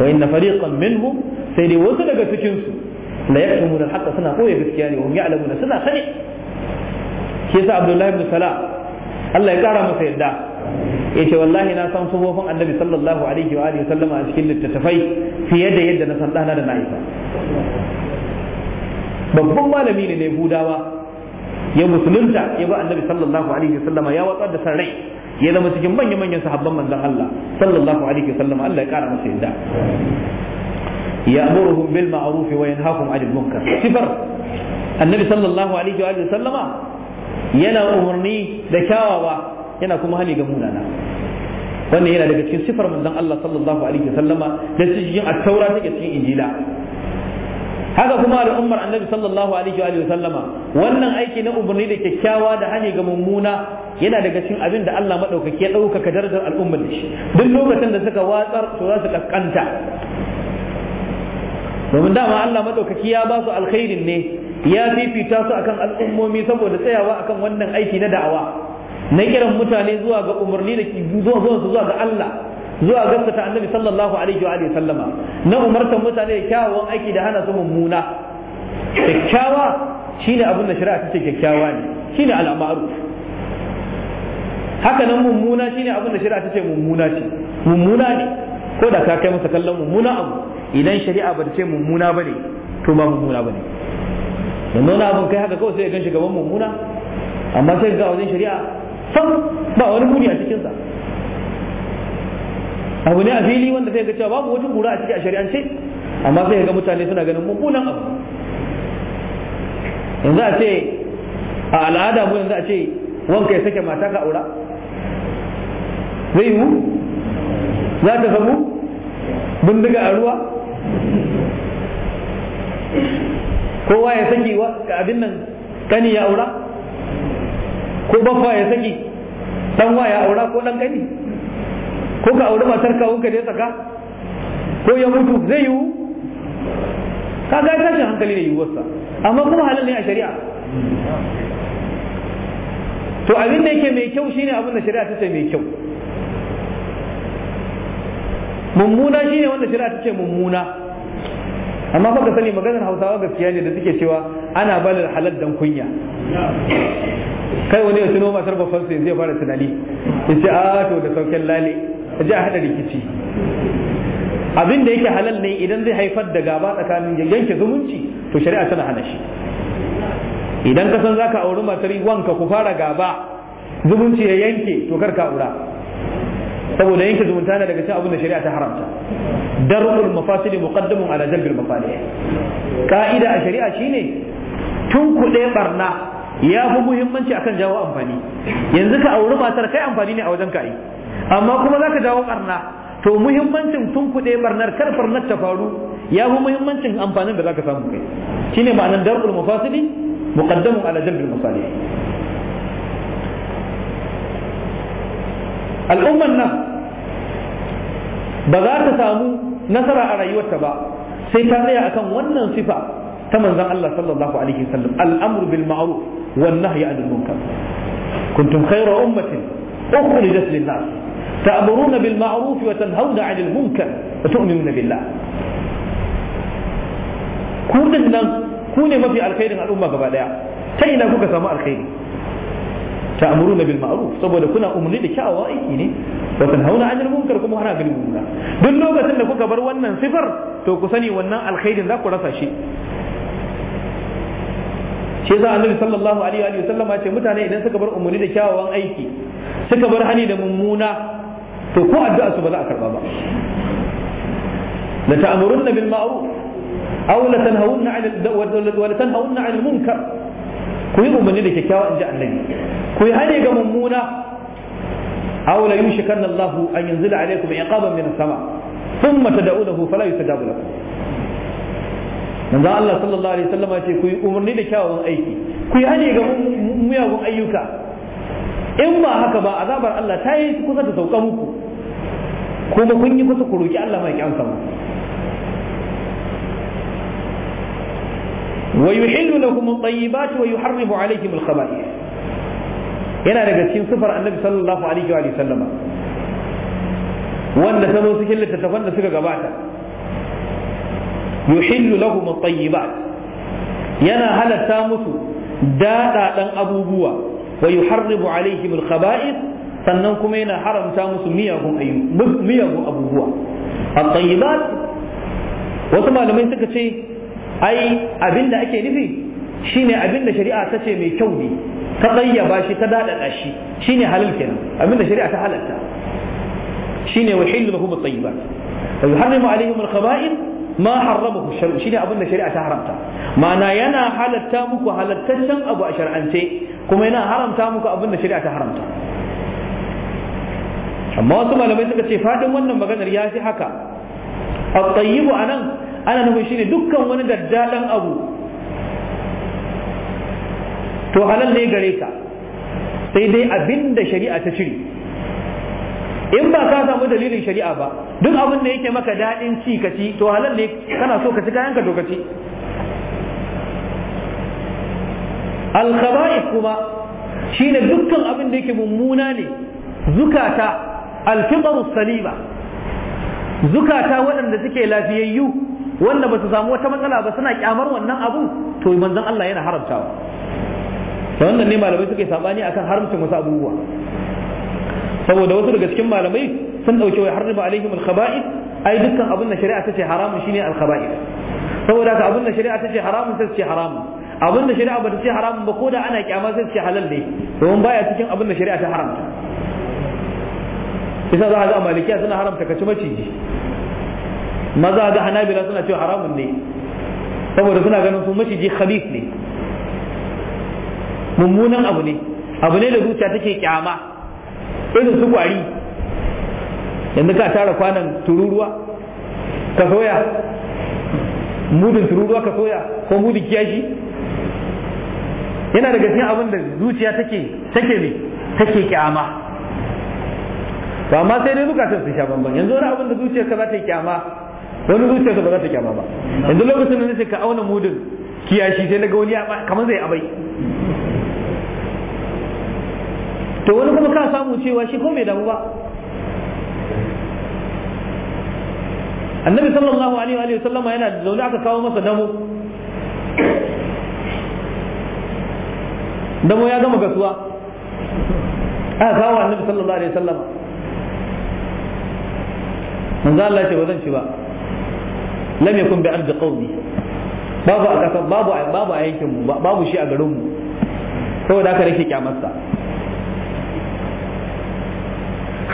Speaker 1: wa inna fariqan minhum sai dai wasu daga cikin su la yaktumuna al-haqqa suna koya gaskiya ne wa ya'lamuna suna sani shi yasa abdullahi ibn salam Allah ya kara masa yadda ya yace wallahi na san sufofin annabi sallallahu alaihi wa alihi sallama a cikin littattafai fiye da yadda na san dana da na'isa babban malami ne ne budawa ya musulunta ya ba annabi sallallahu alaihi wa sallama ya watsar da san rai ya zama cikin manyan manyan sahabban manzon Allah sallallahu alaihi wa sallama Allah ya kara masa yadda yarda يأمرهم بالمعروف وينهاكم عن المنكر صفر النبي annabi sallallahu alaihi wa sallama. yana umarni da kyawawa yana kuma hali ga munana wannan yana daga cikin sifar manzon Allah sallallahu alaihi wasallama da cikin at-taura take cikin injila haka kuma al'ummar annabi sallallahu alaihi wa sallama wannan aiki na umarni da kyakkyawa da hani ga mummuna yana daga cikin abin da Allah madaukaki ya ɗaukaka darajar al'ummar da shi duk lokacin da suka watsar to za su kaskanta domin dama Allah madaukaki ya ba su alkhairin ne ya fifita su akan al'ummomi saboda tsayawa akan wannan aiki na da'awa na kiran mutane zuwa ga umarni da zuwa zuwa zuwa ga Allah zuwa gaskata annabi sallallahu alaihi wa sallama na umarta mutane da kyawawan aiki da hana su mummuna kyakkyawa shine abin da shari'a ta ce kyakkyawa ne shine al'amaru haka nan mummuna shine abin da shari'a ta ce mummuna ce mummuna ne ko da ka kai masa kallon mummuna abu idan shari'a ba ta ce mummuna bane to ba mummuna bane da nuna abin kai haka kawai sai ya gan gaban mummuna amma sai ga wajen shari'a sam ba wani muni a cikinsa abu ne a fili wanda sai ga cewa babu wajen kura a ciki a shari'ance amma sai ga mutane suna ganin mummunan abu yanzu a ce a al'ada mu yanzu a ce wanka ya sake mata ka aura zai yiwu za ta samu bindiga a ruwa kowa ya saki ga abin nan kani ya aura ko baffa ya saki dan wa ya aura ko dan kani ko ka aura matar ka ka dai saka ko ya mutu zai yiwu ka ga tashin hankali da yiwuwarsa amma kuma halal ne a shari'a to abin da yake mai kyau shine abin da shari'a ta ce mai kyau mummuna shine wanda shari'a ta ce mummuna amma ka sani maganar hausawa gaskiya ne da suke cewa ana balar halal dan kunya kai wani ya tuno matar fansa yanzu ya fara tunani ya ce a ah, to da sauken lale A ji a haɗa rikici abin da yake halal ne idan zai haifar da gaba tsakanin yanke zumunci to shari'a tana hana shi idan ka san zaka auri matar wanka ku fara gaba zumunci ya yanke to kar ka aura saboda yanke zumunta na daga cikin abin da shari'a ta haramta darul mafasili muqaddamun ala jalbil masalih ka'ida a shari'a shine tun kuɗe barna ya fi muhimmanci akan jawo amfani yanzu ka auri matar kai amfani ne a wajen kai. amma kuma za ka jawo barna to muhimmancin tun kuɗe barnar kar barnar ta faru ya fi muhimmancin amfanin da za ka samu kai shine ma'anar darul mafasili muqaddamun ala jalbil masalih al'umman nan ba za ta samu nasara a rayuwarta ba sai ta tsaya akan wannan sifa ta manzon Allah sallallahu alaihi wasallam al'amru bil ma'ruf wan nahyi anil munkar kuntum khayra ummatin ukhrijat lin nas تأمرون بالمعروف وتنهون عن المنكر وتؤمنون بالله كون nan ku ne mafi alkhairin al'umma gaba daya ta ina kuka samu alkhairi ta'muruna bil ma'ruf saboda kuna umarni da kyawawan aiki ne wa tanhauna 'anil munkar kuma hana bil munkar duk lokacin da kuka bar wannan sifar to ku sani wannan alkhairin za ku rasa shi shi yasa annabi sallallahu alaihi wa sallam ya ce mutane idan suka bar umarni da kyawawan aiki suka bar hani da mummuna to ko addu'a su ba za a karba ba la ta'murunna bil ma'ruf aw la tanhawunna 'anil wa la tanhawunna 'anil munkar ku yi umarni da kyakkyawa in ji annabi ku yi hane ga mummuna aw la yushikanna Allah an yanzila alaykum iqaban min sama thumma tad'unahu fala yustajabu lakum manzo Allah sallallahu alaihi wasallam ya ce ku yi umarni da kyawawan aiki ku yi hane ga muyagun ayyuka in ba haka ba azabar Allah ta yi kusa da sauka muku kuma kun yi kusa ku roki Allah mai kyansa muku wa yuhillu lahum at-tayyibat wa yuharrimu alaihim yana daga cikin sifar annabi sallallahu wanda ta zo cikin littattafan da suka gabata yuhillu lahum at-tayyibat yana halatta musu daɗaɗan abubuwa wa yuharrimu alaihim sannan kuma yana haramta musu miyagun miyagun abubuwa a tayyibat wasu malamai suka ce ai abin da ake nufi shine abin da shari'a ta ce mai kyau ne ta tsayyaba shi ta dadada shi shine halal kenan abin da shari'a ta halalta shine wa hillu lahum at-tayyibat wa yuharrimu alaihim al-khaba'ith ma harramahu shar'u shine abin da shari'a ta haramta ma'ana yana halatta muku halattaccen abu a shar'ance kuma yana haramta muku abin da shari'a ta haramta amma wasu malamai suka ce fadin wannan maganar ya fi haka at-tayyibu anan ana nufin shine dukkan wani daddalan abu to halal ne gare ka sai dai abin da shari'a ta shiri. in ba ka samu dalilin shari'a ba duk abin da yake maka daɗin ci ka ci to halal ne kana so ka ci kayan ka to ka ci alkhaba'ith kuma shine dukkan abin da yake mummuna ne zukata alfiqaru salima zukata waɗanda suke lafiyayyu wanda ba su samu wata matsala ba suna kyamar wannan abun to manzon Allah yana haramtawa da wannan ne malamai suke sabani akan haramcin wasu abubuwa saboda wasu daga cikin malamai sun dauke wai harriba alaihim alkhaba'ith ai dukkan abin da shari'a ta ce haramun shine alkhaba'ith saboda haka abin da shari'a ta ce haramun sai ce haramun abin da shari'a ba ta ce haramun ba ko da ana kyama sai ce halal ne domin baya cikin abin da shari'a ta haramta kisa za ga malikiya suna haramta kaci maciji maza ga hanabila suna cewa haramun ne saboda suna ganin su maciji khabith ne mummunan abu ne abu ne da zuciya take kyama irin su gwari yanzu ka tara kwanan tururuwa ka soya mudin tururuwa ka soya ko mudin kiyashi yana daga cikin abin da zuciya take take ne take kyama ba ma sai dai zukatan su sha bambam. yanzu wani abin da zuciyar ka za ta yi kyama wani zuciyar ka ba za ta kyama ba yanzu lokacin da nace ka auna mudin kiyashi sai daga wani kamar zai abai to wani kuma ka samu cewa shi ko bai damu ba annabi sallallahu alaihi wa sallama yana da zaune aka kawo masa damo damo ya gama gasuwa aka kawo annabi sallallahu alaihi wa sallama manzo Allah ce ba zan ci ba lam yakun bi ardi qaumi babu a kasan babu babu a yankin mu babu shi a garin mu saboda haka nake kyamarsa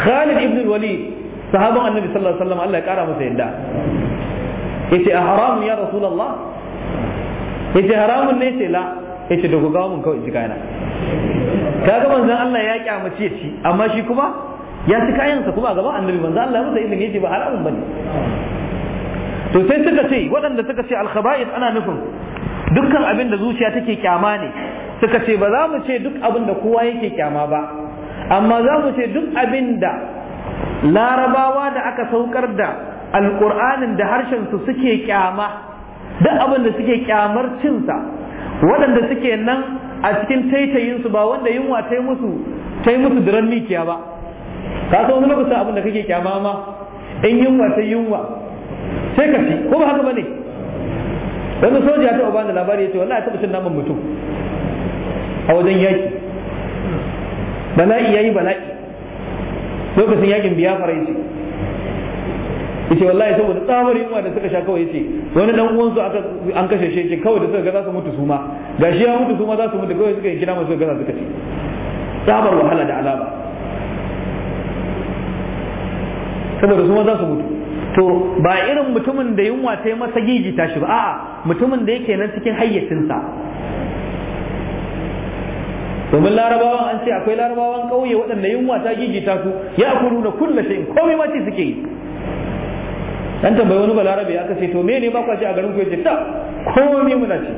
Speaker 1: Khalid ibn al-Walid sahaban annabi sallallahu alaihi wasallam Allah ya kara masa yadda yace a haramun ya rasulullah yace haramun ne ce la yace da ku gawo mun kawai ji kana kaga manzon Allah ya kyamace ci amma shi kuma ya ci kayansa kuma a gaban annabi manzo Allah masa izini yace ba haramun bane to sai suka ce waɗanda suka ce al-khaba'ith ana nufin dukkan abin da zuciya take kyama ne suka ce ba za mu ce duk abin da kowa yake kyama ba amma za mu ce duk abin da larabawa da aka saukar da alƙur'anin da harshen su suke kyama duk abin da suke kyamar cinsa waɗanda suke nan a cikin taitayinsu ba wanda yunwa ta yi musu ta yi musu diran mikiya ba ka san wani lokacin abin da kake kyama ma in yunwa sai yunwa sai ka ci ko ba haka bane wani soja ta bani labari ya ce wallahi taɓa cin naman mutum a wajen yaki bala'i yayi bala'i lokacin yakin biya ce yace wallahi saboda tsawar yunwa da suka sha kawai yace wani dan uwansu aka an kashe shi yace kawai da suka ga za su mutu su ma gashi ya mutu su ma za su mutu kawai suka yi kina masu gaza suka ce tsabar wahala da alama saboda su ma za su mutu to ba irin mutumin da yunwa ta yi masa gigita shi ba a'a mutumin da yake nan cikin hayyacinsa domin larabawan an ce akwai larabawan ƙauye waɗanda yunwa ta gigita su ya kuru na kulla shi komai ma ce suke yi dan tambayi wani balarabe aka ce to mene ba kwace a garin ku yace ta komai muna ce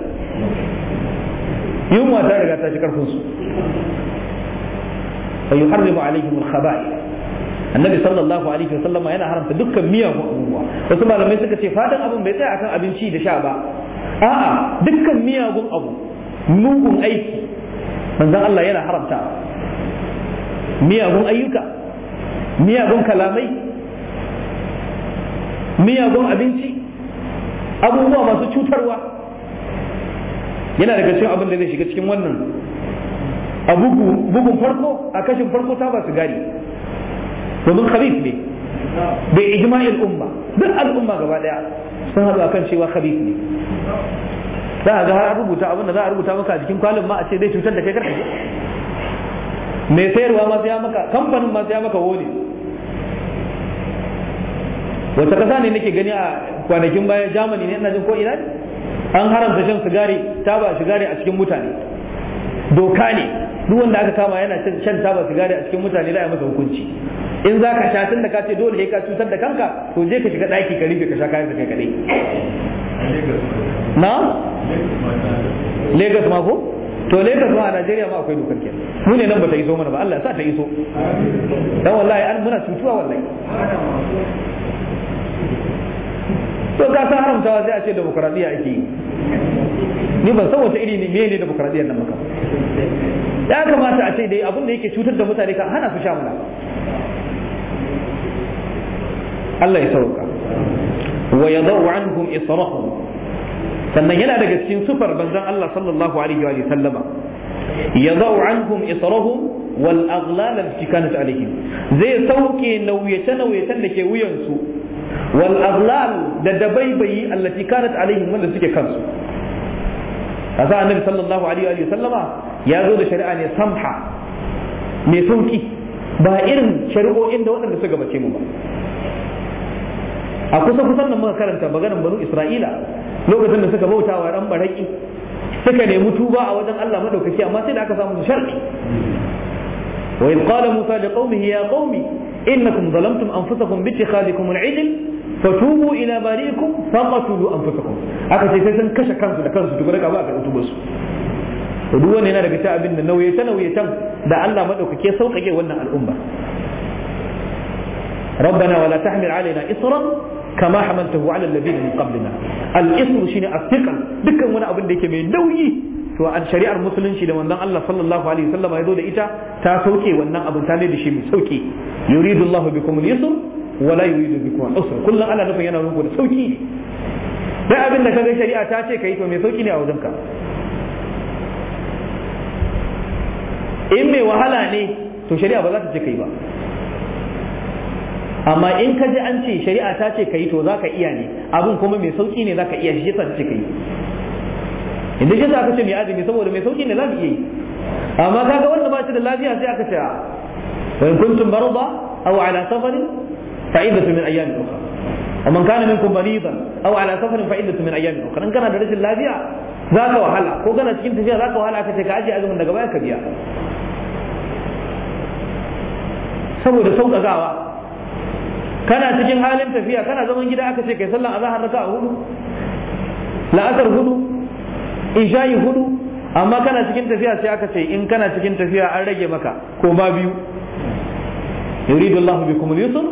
Speaker 2: yunwa ta riga
Speaker 1: ta ci karfin su fa yuharrimu alaihim al-khaba'ith annabi sallallahu alaihi wasallam yana haramta dukkan miyagun abubuwa wasu malamai suka ce fatan abun bai tsaya akan abinci da sha ba a'a dukkan miyagun abu mugun aiki manzon Allah yana haramta miyagun ayyuka miyagun kalamai miyagun abinci abubuwa masu cutarwa yana daga cikin abin da zai shiga cikin wannan a bugun farko a kashin farko ta ba sigari gari domin khabib ne bai ijma'il umma duk al'umma gaba daya sun haɗu akan cewa khabib ne za a ga har rubuta abin da za a rubuta maka a jikin kwalin ma a ce dai cutar da kai karfi mai sayarwa ma sai maka kamfanin ma sai maka wone wata kasa ne nake gani a kwanakin baya Jamani ne ina jin ko ina an haramta shan sigari taba sigari a cikin mutane doka ne duk wanda aka kama yana shan taba sigari a cikin mutane za a masa hukunci in za ka sha tun da ka ce dole ka cutar da kanka to je ka shiga ɗaki ka rufe ka sha kayan kai kaɗai na Lagos ma ko to Lagos ma a Najeriya ma akwai dokar ke mu ne nan ba ta iso mana ba Allah sa ta iso dan wallahi an muna cutuwa wallahi to ka san haramtawa sai a ce demokradiyya ake yi ni ban san wata iri ne me ne demokradiyyar nan maka ya kamata a ce dai abin da yake cutar da mutane kan hana su sha mana Allah ya sauka wa yadau anhum israhum sannan yana daga cikin sufar banzan Allah sallallahu alaihi wa sallama yadau anhum israhum wal aghlal allati kanat alaihim zai sauke nauyace nauyatan da ke wuyansu wal aghlal da dabaibayi allati kanat alaihim wanda suke kansu kaza annabi sallallahu alaihi wa sallama ya zo da shari'a ne samha mai sauki ba irin shari'o'in da waɗanda suka bace mu ba a kusa kusan nan muka karanta maganar banu isra'ila lokacin da suka bauta wa ran baraki suka nemi tuba a wajen Allah madaukaki amma sai da aka samu sharri wa in qala musa li qaumihi ya qaumi innakum zalamtum anfusakum bi ittikhadikum al-ijl fatubu ila bariikum faqatulu anfusakum aka ce sai sun kashe kansu da kansu tukuna ka ba ka tuba su to duk wanda yana daga ta abin da nauye ta nauye tan da Allah madaukake sauƙaƙe wannan al'umma ربنا ولا تحمل علينا إصرا كما حملته على الذين من قبلنا الإصر شيء الثقل دكا وانا أبن ديك من نوي to an shari'ar musulunci da wannan Allah sallallahu alaihi wasallam ya zo da ita ta sauke wannan abin ta da shi mai sauki yuridu Allah bikum al-yusr wa la yuridu bikum al-usr kullum Allah nufin yana roƙo da sauki dai abin da kaga shari'a ta ce kai to mai sauki ne a wajen ka in mai wahala ne to shari'a ba za ta ce ba amma in ka ji an ce shari'a ta ce kai to zaka iya ne abin kuma mai sauki ne zaka iya shi yasa ce kai inda shi aka ce mai azumi saboda mai sauki ne za iya amma kaga wanda ba shi da lafiya sai aka ce wa in kuntum marada aw ala safarin fa iddatu min ayyamin ukhra ومن كان منكم مريضا او على سفر فعده min ايام اخرى ان كان da rashin lafiya zaka wahala ko kana cikin tafiya zaka wahala ka ce ka aje azumin daga baya ka biya saboda sauƙaƙawa kana cikin halin tafiya kana zaman gida aka ce kai sallan azahar raka a hudu la'asar hudu isha'i hudu amma kana cikin tafiya sai aka ce in kana cikin tafiya an rage maka ko ba biyu yuridu Allahu bikum al-yusr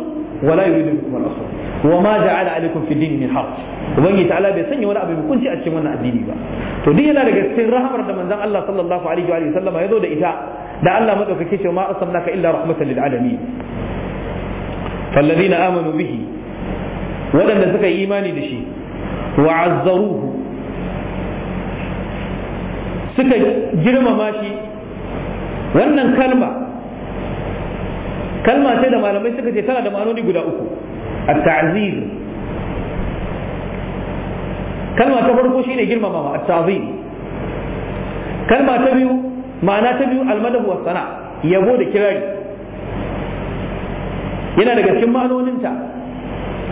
Speaker 1: wala la yuridu bikum kuma usr wa ma ja'ala alaykum fi din min harj ubangi ta'ala bai sanya wani abu mai kunci a cikin wannan addini ba to duk yana daga cikin rahamar da manzon Allah sallallahu alaihi wa sallam ya zo da ita da Allah madaukake ce ma asamnaka illa rahmatan lil alamin fallazina amanu bihi waɗanda suka yi imani da shi wa azzaruhu suka shi wannan kalma kalma da malamai suka ce tana da ma'anoni guda uku at-ta'zir kalma ta farko shine girmamawa at-ta'zir kalma ta biyu ma'ana ta biyu almadahu was yabo da kirari yana daga cikin ma'anoninta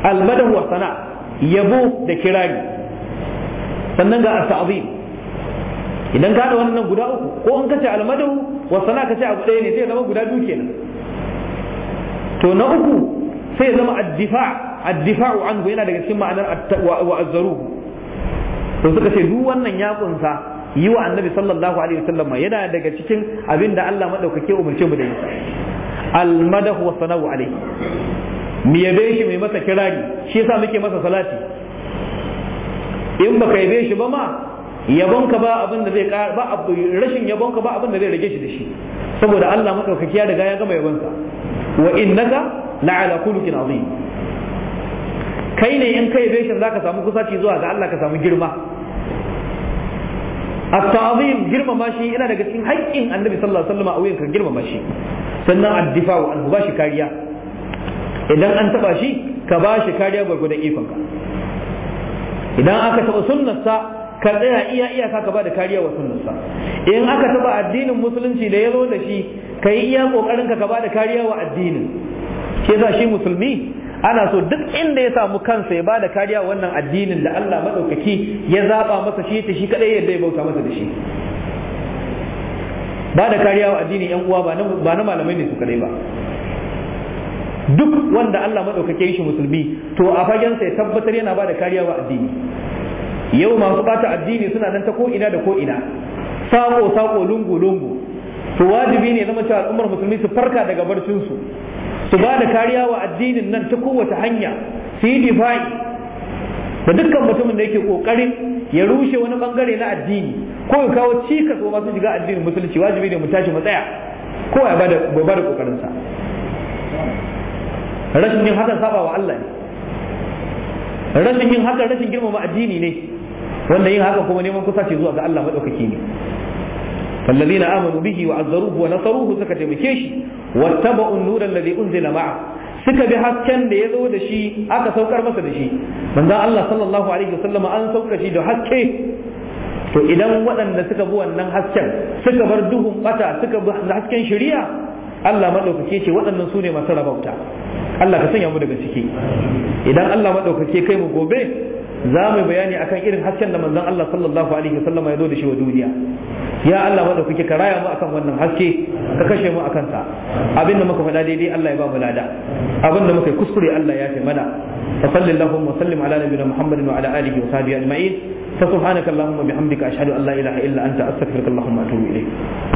Speaker 1: almadahu wa sana yabo da kirari sannan ga at-ta'zim idan ka da wannan guda uku ko in kace almadahu wa sana kace abu ɗaya ne sai zama guda biyu kenan to na uku sai zama addifa addifa'u anhu yana daga cikin ma'anar wa azzaruhu to suka ce duk wannan ya kunsa yi wa annabi sallallahu alaihi wasallam yana daga cikin abin da Allah madaukake umarce mu da yi almadahu wa sana'u alai mu yabe shi mai masa kirari shi yasa muke masa salati in baka yabe shi ba ma yabonka ba abin da zai ba abu rashin yabonka ba abin da zai rage shi da shi saboda Allah madaukaki ya riga ya gama yabonka wa innaka la'ala khuluqin azim kai ne in ka kai beshin zaka samu kusaci zuwa ga Allah ka samu girma at-ta'zim girmama shi yana daga cikin haƙƙin Annabi sallallahu alaihi wasallam a wuyan ka girmama shi sannan addifa wa anhu ba shi kariya idan an taba shi ka ba shi kariya gwargwadon ikon ka idan aka taba sunnarsa ka tsaya iya iyaka ka ba da kariya wa sunnarsa in aka taba addinin musulunci da ya zo da shi ka yi iya kokarin ka ba da kariya wa addinin shi yasa shi musulmi ana so duk inda ya samu kansa ya ba da kariya wannan addinin da Allah madaukaki ya zaba masa shi ta shi kaɗai yadda ya bauta masa da shi ba da kariya wa addini yan uwa ba na malamai ne su kadai ba duk wanda Allah madaukake shi musulmi to a fagen sai tabbatar yana ba da kariya wa addini yau masu bata addini suna nan ta ko ina da ko ina sako sako lungu lungu to wajibi ne zama cewa al'ummar musulmi su farka daga barcin su su ba da kariya wa addinin nan ta kowace hanya su yi difa'i da dukkan mutumin da yake kokarin ya rushe wani bangare na addini ko ka kawo cikas wa masu shiga addinin musulunci wajibi ne mu tashi mu tsaya kowa ya bada bada kokarin sa
Speaker 3: rashin yin hakan
Speaker 1: saba wa Allah ne rashin yin hakan rashin girmama addini ne wanda yin haka kuma neman kusa ce zuwa ga Allah madaukaki ne wa wa Nasaruhu suka وعزروه ونصروه سكت مكيش واتبعوا النور الذي أنزل معه suka bi hasken da ya zo da shi aka saukar masa da shi manzon Allah sallallahu alaihi wasallam an sauka shi da haske to idan waɗanda suka bi wannan hasken suka bar duhun bata suka bi hasken shari'a Allah maɗaukake ce waɗannan su ne masu rabauta Allah ka sanya mu daga ciki idan Allah maɗaukake kai mu gobe za mu bayani akan irin hasken da manzon Allah sallallahu alaihi wasallam ya zo da shi wa duniya ya Allah maɗaukake ka raya mu akan wannan haske ka kashe mu akan sa Abinda muka faɗa daidai Allah ya ba mu lada Abinda muka kuskure Allah ya fi mana fa sallallahu wa sallim ala nabiyina muhammadin wa ala alihi wa sahbihi ajma'in fa subhanaka allahumma bihamdika ashhadu an la ilaha illa anta astaghfiruka allahumma atubu ilayk